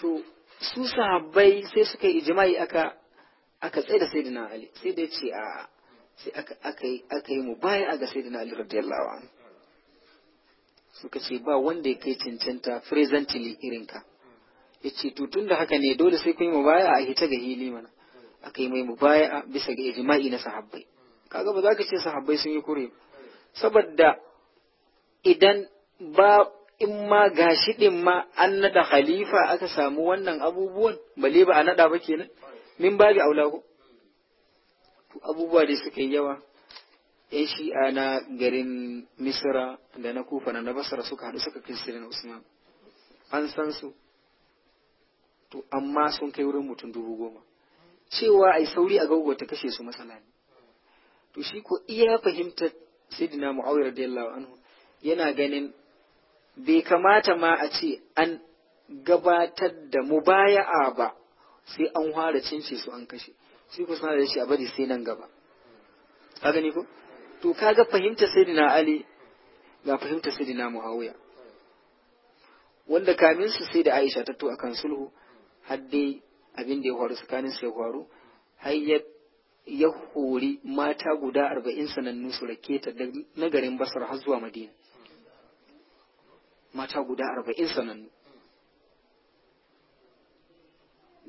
to su sahabbai sai suka yi ijma'i aka aka tsaye da sayyidina ali sai da ce a sai aka yi aka yi a ga sayyidina ali radiyallahu anhu suka ce ba wanda ya kai cancanta presently irinka ya ce to da haka ne dole sai kun yi mubaya a hita ga hili mana aka yi mai mubaya bisa ga ijma'i na sahabbai kaga ba za ka ce sahabbai sun yi kure saboda idan ba in ma gashi ɗin ma an naɗa khalifa aka samu wannan abubuwan bale ba a naɗa ba kenan min ba bi aula ko abubuwa da suka yawa yan shi'a na garin misra da na kufa na basra suka haɗu suka sirrin usman an san su to amma sun kai wurin mutum dubu goma cewa ai sauri a gaugo ta kashe su masana ne to shi ko iya fahimtar sayyidina mu'awiyah radiyallahu anhu yana ganin bai kamata ma a ce an gabatar da mu mubaya'a ba sai an fara cince su an kashe sai ku sanar da shi a bari sai nan gaba ka gani ko to kaga fahimta sayyidina ali ga fahimta sayyidina muawiya wanda kamin su sai da aisha ta to akan sulhu har dai abin da ya faru tsakanin su ya faru har ya hori mata guda arba'in sanannu su rake ta na garin basar har zuwa madina mata guda arba'in sanannu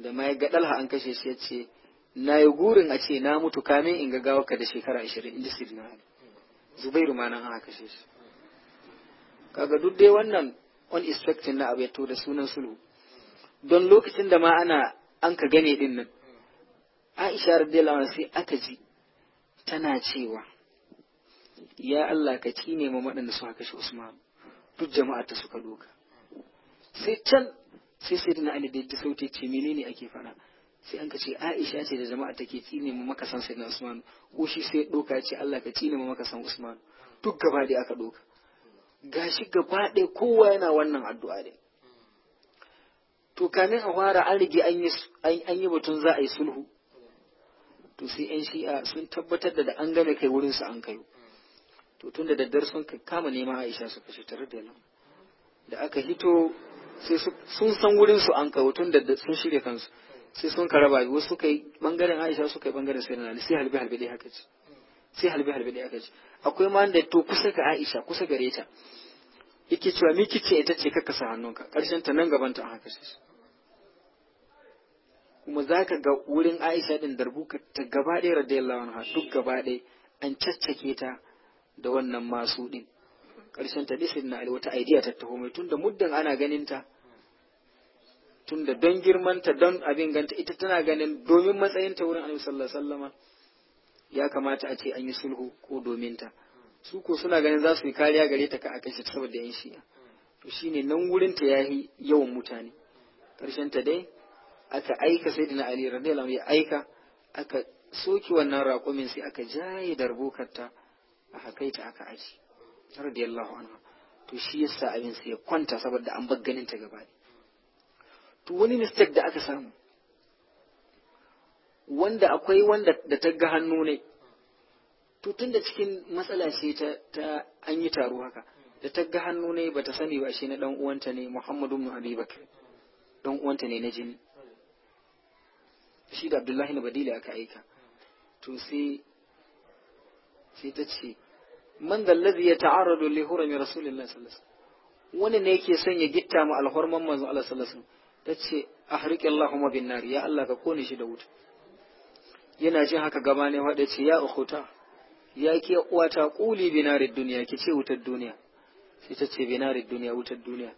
da ma ya ga dalha an kashe shi ya ce na yi gurin a ce na mutu kamin in ga ka da shekara ashirin inda ji na hali zubairu ma nan an kashe shi kaga duk dai wannan on inspecting na abu ya da sunan sulhu don lokacin da ma ana an ka gane din nan aisha radiyallahu anha sai aka ji tana cewa ya Allah ka kine mu su haka shi Usman duk jama'a ta suka doka sai can sai sai ali da ya sauti ce menene ake fara sai an ka ce aisha ce da jama'a take tsine mu makasan sai na usman ko shi sai doka ce Allah ka tsine mu makasan usman duk gaba da aka doka gashi gaba da kowa yana wannan addu'a ne to kamin a fara an rige an yi batun za a yi sulhu to sai yan shi'a sun tabbatar da an gane kai wurin su an kai. to tun da daddare sun kama neman aisha su fashe tare da nan da aka hito sai sun san wurin su an kawo tun da sun shirya kansu sai sun karaba wasu suka yi bangaren aisha suka yi bangaren sai na sai halbe halbe dai haka ce sai halbe halbe dai haka ce akwai ma da to kusa ga aisha kusa gare ta yake cewa miki ce ita ce ka kasa hannunka karshen ta nan gaban ta haka ce kuma za ka ga wurin aisha din darbuka ta gaba ɗaya radiyallahu anha duk gaba ɗaya an caccake ta da wannan masu din ƙarshen ta disin na wata aidiya ta taho mai tunda muddin ana ganin ta tunda don girmanta don abin ganta ita tana ganin domin matsayinta wurin annabi sallallahu alaihi ya kamata a ce an yi sulhu ko domin ta su ko suna ganin za su yi kariya gare ta ka a kashe saboda yan shi'a to shine nan wurin ta yahi yawan mutane karshen ta dai aka aika sayyidina ali radiyallahu anhu ya aika aka soki wannan raƙumin sai aka jaye darbukarta aka kai ta aka aji radiyallahu anhu. to shi yasa abin sai ya kwanta saboda an bar ganin ta gaba to wani mistake da aka samu wanda akwai wanda da ta ga hannu ne to tunda cikin matsala ce ta, ta an yi taro haka da ta ga hannu ne ba ta sani ba shi na dan uwanta ne Muhammadu ibn Abi Bakr dan uwanta ne na jini shi da Abdullahi na Badila aka aika to sai sai ta ce man da allazi yata'arradu li hurmi rasulillahi sallallahu alaihi wasallam wani ne yake son ya gitta mu alhurman manzo Allah sallallahu alaihi wasallam tace ahriqi Allahumma bin nar ya Allah ka kone shi da wuta yana jin haka gaba ne wanda ce ya ukhuta ya ke uwata quli binarid duniya ki ce wutar duniya sai ta ce binarid duniya wutar duniya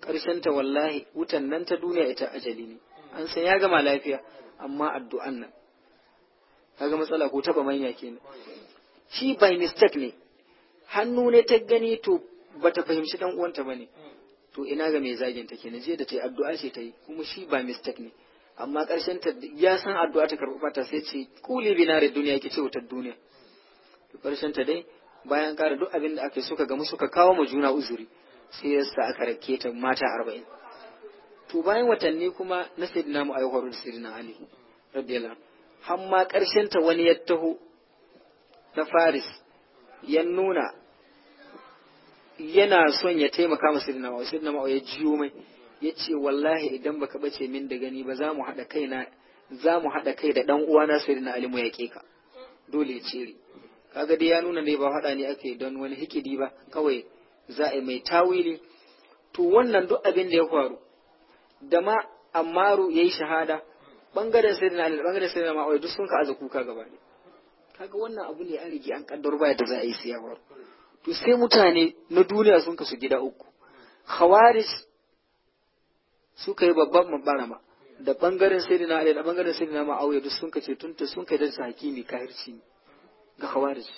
karshen ta wallahi wutan nan ta duniya ita ajali ne an san ya gama lafiya amma addu'an nan kaga matsala ko taba manya kenan shi by mistake ne hannu ne ta gani to ba ta fahimci dan uwanta ne. to ina ga mai zagin take na jiya da ta yi addu'a ce ta yi kuma shi ba mistake ne amma ƙarshen ta ya san addu'a ta karɓi fata sai ce kuli binare duniya ke ce wutar duniya to ƙarshen ta dai bayan ƙara duk abin da aka suka gamu suka kawo mu juna uzuri sai ya sa aka rake ta mata arba'in to bayan watanni kuma na sayyidina mu yi horo da sayyidina ali radiyallahu har ƙarshen ta wani ya taho na faris ya nuna yana son ya taimaka ma sirna ma'u sirna nawa ya jiyo mai ya ce wallahi idan baka bace min da gani ba za mu haɗa kai na za mu haɗa kai da ɗan uwana sirna alimu ya ka dole ya cire kaga dai ya nuna ne ba haɗa ne ake don wani hikidi ba kawai za a mai tawili to wannan duk abin da ya faru da ma ammaru ya yi shahada bangaren sirna alimu bangaren sirna ma'u duk sun ka aza kuka gaba ne kaga wannan abu ne an rigi an kaddar baya da za a yi siya ba to sai mutane na duniya sun kasu gida uku khawarij suka yi babban mabarama da bangaren sayyidina ali da bangaren sayyidina ma'awiya duk sun kace tun sun kai da hakimi kahirci ne ga khawarij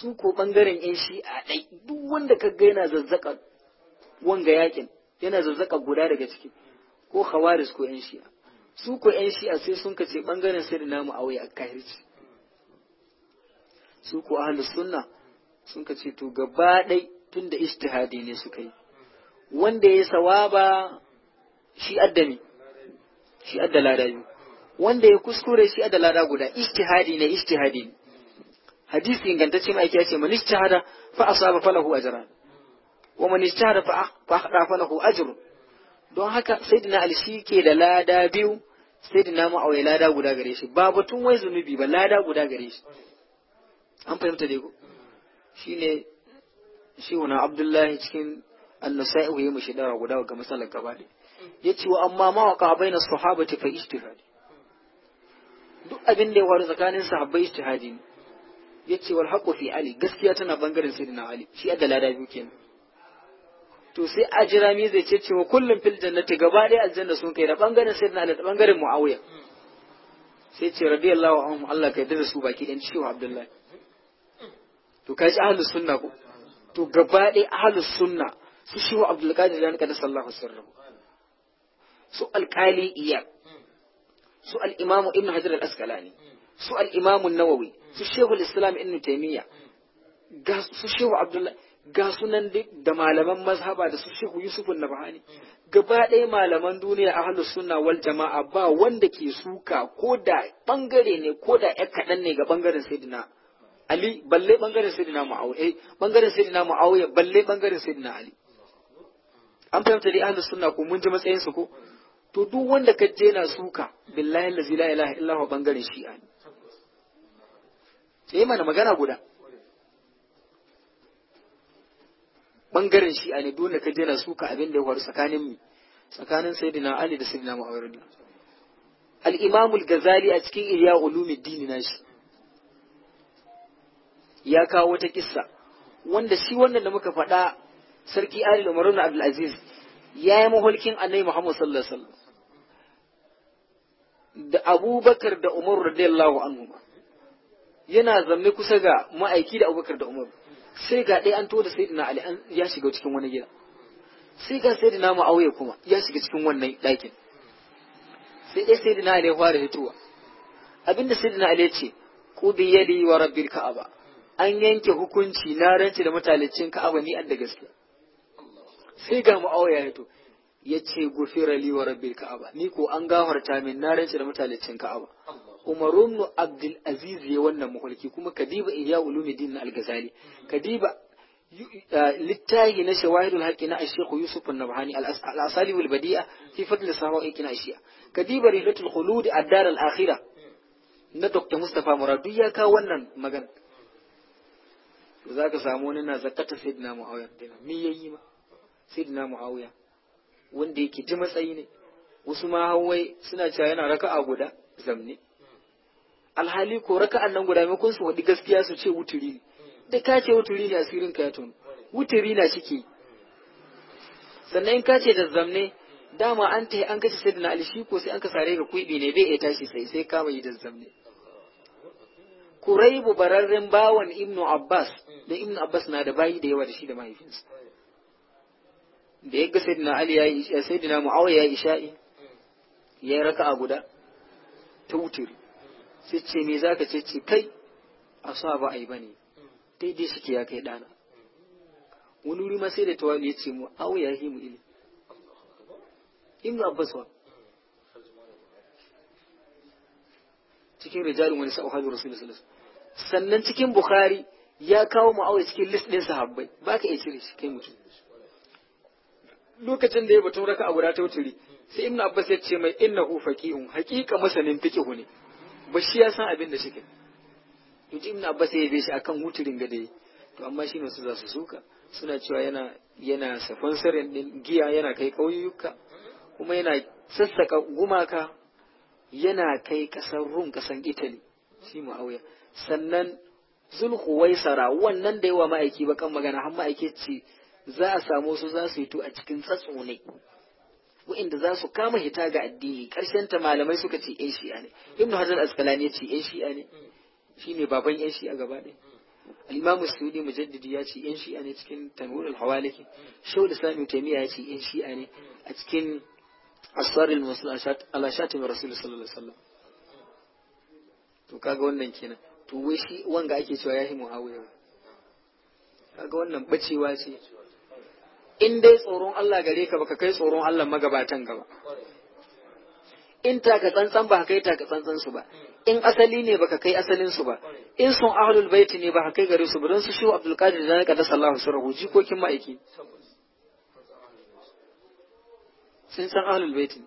su ko bangaren yan shi'a dai duk wanda ka ga yana zazzaka wanga yakin yana zazzaka guda daga ciki ko khawarij ko yan shi'a su ku ‘yan shi'a sai sun kace ɓangaren sai da namu auya a kahirci su ku ahalu sunna sun kace to gaba ɗai tun da ishtihadi ne suka yi wanda ya sawaba shi ne shi adda lada biyu wanda ya kuskure shi adda lada guda ishtihadi ne ishtihadi ne hadisi ingantacce mai ake ce manis cahada fa asaba falahu jira? wa man ishtihada fa ko falahu jiru? don haka sayyidina ali shi ke da lada biyu sai da namu a lada guda gare shi ba batun wai zunubi ba lada guda gare shi an fahimta dai Shi ne shi wani abdullahi cikin annasa ya mashi dara guda ga matsalar gaba ne ya ce wa amma waka bai na sahabati fa ijtihadi duk abin da ya faru tsakanin sahabbai ijtihadi ne ya ce wal haqqu fi ali gaskiya tana bangaren na ali shi a da lada biyu kenan to sai ajrami zai ce cewa kullum fil jannati gaba dai aljanna sun kai da bangaren sayyidina Ali da bangaren Muawiya sai ce radiyallahu anhu Allah kai da su baki dan cewa Abdullahi to shi ahlus sunna ko to gaba dai ahlus sunna su shi wa Abdul Qadir da kada sallahu wasallam su alqali iyar su al imamu Ibn Hajar al-Asqalani su al imamu an-Nawawi su Shehu al-Islam Ibn taymiya ga su Shehu Abdullah ga sunan duk da malaman mazhaba da su shehu yusuf nabhani gaba ɗaya malaman duniya halin sunna wal jama'a ba wanda ke suka ko da bangare ne ko da ƴan kaɗan ne ga bangaren sayyidina ali balle bangaren sayyidina muawiya bangaren eh, sayyidina muawiya balle bangaren sayyidina ali an fahimta dai ahlus sunna ko mun ji matsayin su ko to duk wanda ka je na suka billahi la ilaha illa huwa bangaren shi'a ne sai mana magana guda bangaren shi a ne dole ka jira suka abin da ya faru tsakanin mu tsakanin sayyidina ali da sayyidina mu'awiyah al-imam al-ghazali a cikin ihya ulumuddin nashi ya kawo wata kissa wanda shi wannan da muka faɗa sarki ali da ibn abdul aziz ya yi mahulkin annabi muhammad sallallahu alaihi wasallam da abubakar da Umar radiyallahu anhu yana zamme kusa ga ma'aiki da abubakar da Umar. sai ga ɗaya an da sayyidina ali an ya shiga cikin wani gida sai ga sayyidina muawiya kuma ya shiga cikin wannan ɗakin sai ɗaya sayyidina ali ya fara fitowa abinda sayyidina ali ya ce ku bi yadi wa rabbil ka'aba an yanke hukunci na ranci da mutalicin ka'aba ni da gaskiya sai ga muawiya ya to ya ce gufira li wa rabbil ka'aba ni ko an gafarta min na ranci da mutalicin ka'aba Umar ibn Abdul Aziz ya wannan mafarki kuma kadiba Ihya Ulumuddin uh, na Al-Ghazali kadiba littahi na shawahidul haqqi na Sheikh Yusuf An-Nabhani al-Asali wal Badi'a fi fadl sawa'iq na Ashiya kadiba Rihlatul Khulud ad-Dar al-Akhirah na Dr. Mustapha Muradu ya kawo wannan magana za ka samu wani na zakata sayyidina Muawiya dinan me yayi ma sayyidina Muawiya wanda yake ji matsayi ne wasu ma hawai suna cewa yana raka'a guda zamne alhali ko raka'an nan guda maimakon su wadi gaskiya su ce wuturi ne da ka ce wuturi ne asirin ka ya tono wuturi na ciki sannan in ka ce da zamne dama an ta an kashe sai da ali shi ko sai an ka sare ga kuibi ne bai iya tashi sai sai kama yi da zamne Kuraibu bararren bawan Ibnu Abbas da Ibnu Abbas na da bayi da yawa da shi da mahaifinsa da ya ga sayyidina Ali ya yi sayyidina Muawiya ya yi isha'i ya yi raka'a guda ta wuturi sai ce me za ka ce ce kai a sa ba a yi ba ne daidai suke ya kai ɗana wani wuri ma sai da tawali ya ce mu awo ya mu ilimi ibnu abbas wa cikin rijalin wani sa'o hajji rasulullah sallallahu sannan cikin bukhari ya kawo mu mu'awiya cikin list ɗin sahabbai ba ka iya cire shi kai mutum lokacin da ya batun raka a guda ta wuturi sai ibnu abbas ya ce mai innahu faqihun haqiqa masanin fiqhu ne ba shi ya san abin da suke to ibn abbas ya shi akan wuturin gade to amma shi ne su za su suka suna cewa yana yana safansarin din giya yana kai kauyuka kuma yana sassaka gumaka yana kai kasar rum kasan itali shi ma'auya sannan zulhuwaisara wannan da yawa ma'aiki ba kan magana har ma'aikaci za a samu su za su yi to a cikin tsatso ne wa'inda za su kama hita ga addini ƙarshen ta malamai suka ce yan shi'a ne ibn hajar asqalani ya ce yan shi'a ne ne baban yan shi'a gaba ɗaya al-imam sudi mujaddidi ya ce yan shi'a ne cikin tanwir al-hawaliki shaul islam taymiya ya ce yan shi'a ne a cikin asar al-musul ala rasul sallallahu alaihi wasallam to kaga wannan kenan to wai shi wanga ake cewa ya yi muawiya kaga wannan bacewa ce in dai tsoron Allah gare ka baka kai tsoron Allah magabatan gaba in taka tsantsan ba kai taka tsantsan su ba in asali ne baka kai asalin su ba in sun ahlul baiti ne ba kai gare su ba don su shi Abdul Qadir da naka da sallahu sirruhu jikokin ma'aiki sun san ahlul baiti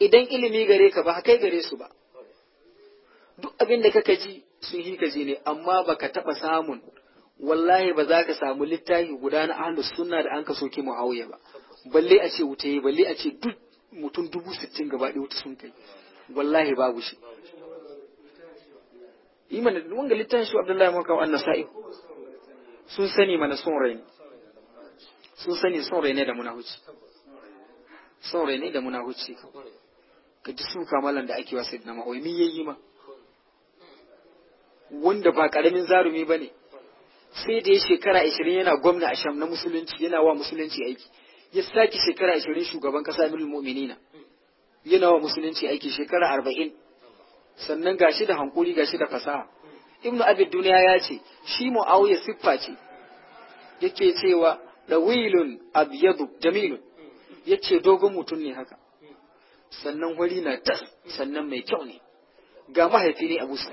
idan ilimi gare ka ba kai gare su ba duk abin da kaka ji sun hika ji ne amma baka taba samun wallahi ba za ka samu littafi guda na ahlus sunna da an ka soke muawiya ba balle a ce wuta yi, balle a ce duk mutum dubu sittin gaba ɗaya wuta sun kai wallahi babu shi imana wanga littafin shi abdullahi An-Nasa'i sun sani mana son rai ne sun sani son rai ne da huci son rai ne da muna huci ka ji su kamalan da ake wasa na ma'oyi mi yayi ma wanda ba karamin zarumi ba ne sai da ya shekara ashirin yana gwamna a sham na musulunci yana wa musulunci aiki ya sake shekara ashirin shugaban kasa milul mu'minina yana wa musulunci aiki shekara arba'in sannan gashi da hankuri gashi da fasaha ibnu abid duniya ya ce shi mu'awiya siffa ce yake cewa dawilun abyadu jamilun yace dogon mutum ne haka sannan wari na tas sannan mai kyau ne ga mahaifi ne abu su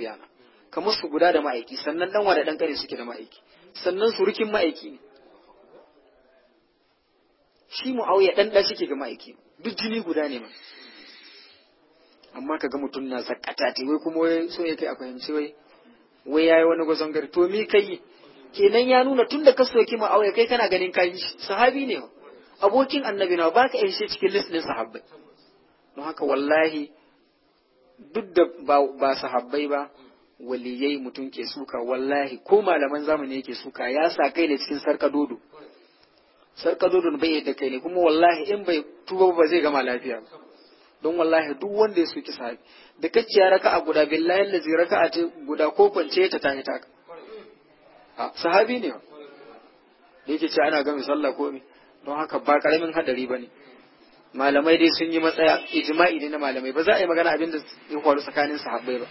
kamar su guda da ma'aiki sannan dan wada dan kare suke da ma'aiki sannan surukin ma'aiki ne shi mu'awiya ɗanɗa shi shike ga ma'aiki duk jini guda ne man. amma kaga mutum na zakata te wai kuma wai so kai a fahimci wai wai yi wani gwazon gari to me kai kenan ya nuna tun da ka soki mu'awiya kai kana ganin shi. sahabi ne abokin annabi na baka ka shi cikin list din sahabbai don haka wallahi duk da ba sahabbai ba waliyai mutum ke suka wallahi ko malaman zamani yake suka ya sa kai ne cikin sarka dodo sarka dodo bai yadda kai ne kuma wallahi in bai tuba ba zai gama lafiya don wallahi duk wanda ya suki sahabi da kacciya raka a guda billahi lazi raka a ce guda ko kwance ta tahi ta sahabi ne da yake ce ana gami sallah ko don haka ba karamin hadari ba ne malamai dai sun yi matsaya ijma'i ne na malamai ba za a yi magana abin da ya faru tsakanin sahabbai ba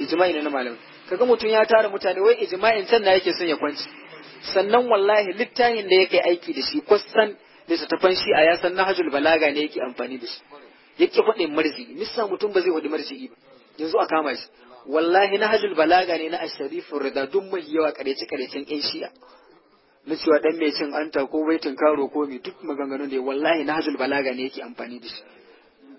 ijma'i ne na malamai kaga mutum ya tara mutane wai ijma'in can na yake son ya kwanci sannan wallahi littafin da yake aiki da shi kusan littattafan shi a na nahjul balaga ne yake amfani da shi yake faɗin marzi mutum ba zai faɗi marzi ba yanzu a kama shi wallahi nahajul balaga ne na asharifin rida mai yawa kare can yan shi'a na cewa dan mai cin anta ko baitin karo ko mai duk maganganun da wallahi na hazul balaga ne yake amfani da shi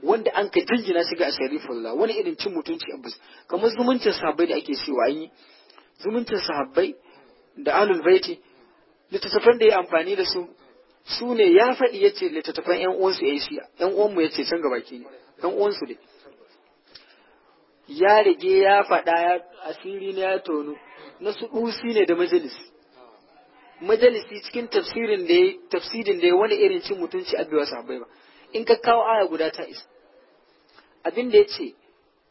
wanda an ka jinjina shi ga sharifullah wani irin cin mutunci bus kamar zumuncin sahabbai da ake cewa yi zumuncin sahabbai da alul baiti littattafan da ya amfani da su su ne ya faɗi ya ce littattafan ‘yan uwansu ya yi shi ‘yan uwanmu ya ce can gaba ke ne, ‘yan uwansu ne. Ya rage ya faɗa asiri na ya tonu, na su ɗusi ne da majalis. majalisi cikin tafsirin da ya tafsirin da ya wani irin cin mutunci a biwa sahabbai ba in ka kawo aya guda ta isa abin da ya ce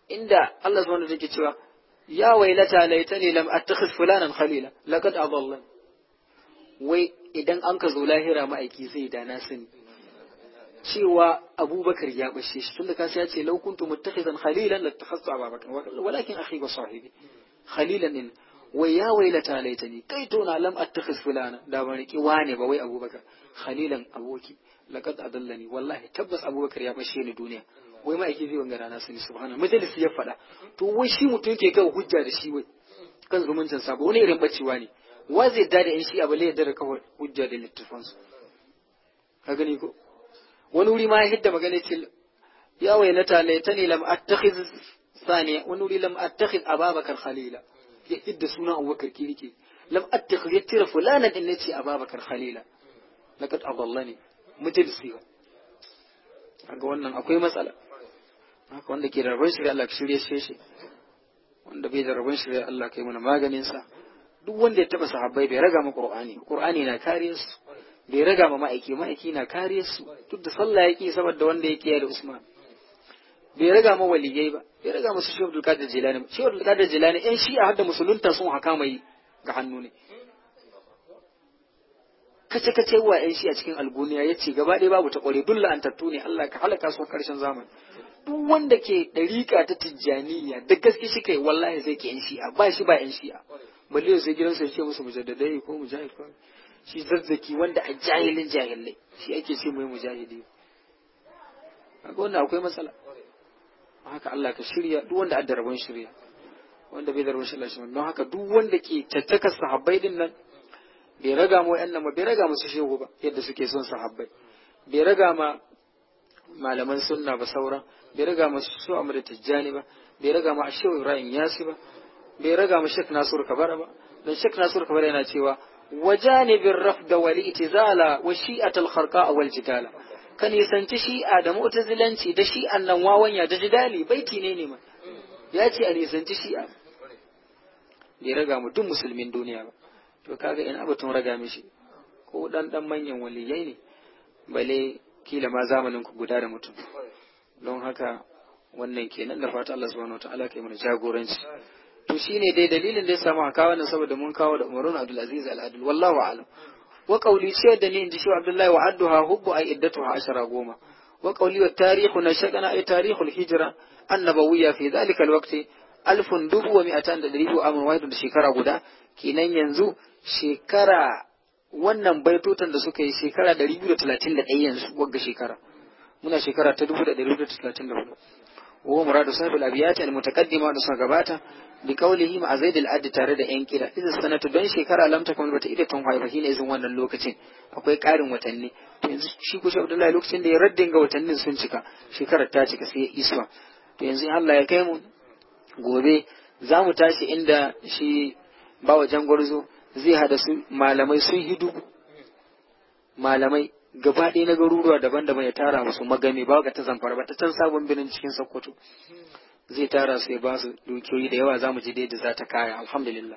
inda Allah subhanahu wa cewa ya wailata laitani lam attakhidh fulanan khalila laqad adallan wai idan an ka zo lahira ma'aiki zai dana sani cewa abubakar ya bashe shi tunda kasa ya ce lau kuntu muttakhizan khalilan lattakhadtu abubakar walakin akhi wa sahibi khalilan din wai ya wailata laitani kai to na lam attakhis fulana da ban riki wane ba wai abubakar khalilan aboki laqad adallani wallahi tabbas abubakar ya bashe ni duniya wai ma yake biyan garana sun subhana majalisi ya faɗa to wai shi mutum ke kawo hujja da shi wai kan zumuncin sa ba wani irin bacewa ne wa zai da da in shi abu ya da kawai hujja da littafan su ka gani ko wani wuri ma ya hidda magana ce ya wailata laitani lam attakhiz saniya wani wuri lam attakhiz ababakar khalila ya idda suna abubakar ki rike lam attakhu yattira fulana din nace ababakar khalila laqad adallani mutajsiwa kaga wannan akwai matsala haka wanda ke da rabon shirya Allah ka shirye shi wanda bai da rabon shirya Allah kai mana maganin sa duk wanda ya taba sahabbai bai raga ma qur'ani qur'ani na kare su bai raga ma ma'aiki ma'aiki na kare su duk da sallah yake saboda wanda yake da Usman bai raga ma waliyai ba bai raga musu abdul dulkadir jilani ba abdul dulkadir jilani yan shi har da musulunta sun haka mai ga hannu ne kace kace wa yan a cikin alguniya yace gaba ɗaya babu ta kware an tattu ne Allah ka halaka su karshen zamani duk wanda ke dariƙa ta tijjaniya da gaske shi kai wallahi sai ke yan a ba shi ba yan a balle sai gidan ya ce musu mujaddadai ko mujahid ko shi zazzaki wanda a jahilin jahilai shi ake ce mai mujahidi akwai wannan akwai matsala haka Allah ka shirya duk wanda adda rabon shirya wanda bai da rabon shirya shirya don haka duk wanda ke caccaka sahabbai din nan bai raga mu yan nan bai raga su shehu ba yadda suke son sahabbai bai raga ma malaman sunna ba Saura. bai raga ma su amma da tijjani ba bai raga ma shehu ibrahim yasi ba bai raga ma shek nasiru kabara ba dan shek nasiru kabara yana cewa rafda وجانب الرفض والإتزال وشيئة الخرقاء والجدال ka nisanci shi'a da mu'tazilanci da shi'an nan ya da jidali baiti ne ne ma ya ce a nisanci shi'a ya raga mutum duk musulmin duniya ba to kaga ina batun raga mishi ko dan dan manyan waliyai ne bale kila ma zamanin ku guda da mutum don haka wannan kenan da fata Allah subhanahu wataala kai mana jagoranci to shine dai dalilin da ya samu a kawo saboda mun kawo da Umarun Abdul Aziz Al Adil wallahu a'lam wa qawli ce da ni inji shi Abdullahi wa adduha hubbu ay iddatuha ashara goma wa qawli wa tarihu na shagana ay tarihul hijra annabawiyya fi dhalika alwaqti alfun dubu wa mi'atan da dari biyu amin wahidun da shekara guda kenan yanzu shekara wannan baitotan da suka yi shekara dari biyu da talatin da ɗaya yanzu wagga shekara muna shekara ta dubu da dari biyu da talatin da hudu wa muradu sahibul abiyati mu mutaqaddima da suka gabata bi qawlihi ma a al add tare da yan kira idan sanatu don shekara lam takun bata ida tun haifa shine izin wannan lokacin akwai karin watanni to yanzu shi ku shaudar lokacin da ya raddin ga watannin sun cika shekarar ta cika sai iswa to yanzu Allah ya kai mu gobe za mu tashi inda shi bawa jangwarzo zai hada su malamai sun hidu malamai gaba ɗaya na garuruwa daban-daban ya tara musu magami ba ga ta zamfara ba ta can sabon birnin cikin sokoto zai tara su ya ba su dukiyoyi da yawa za mu ji daidai da za ta kaya alhamdulillah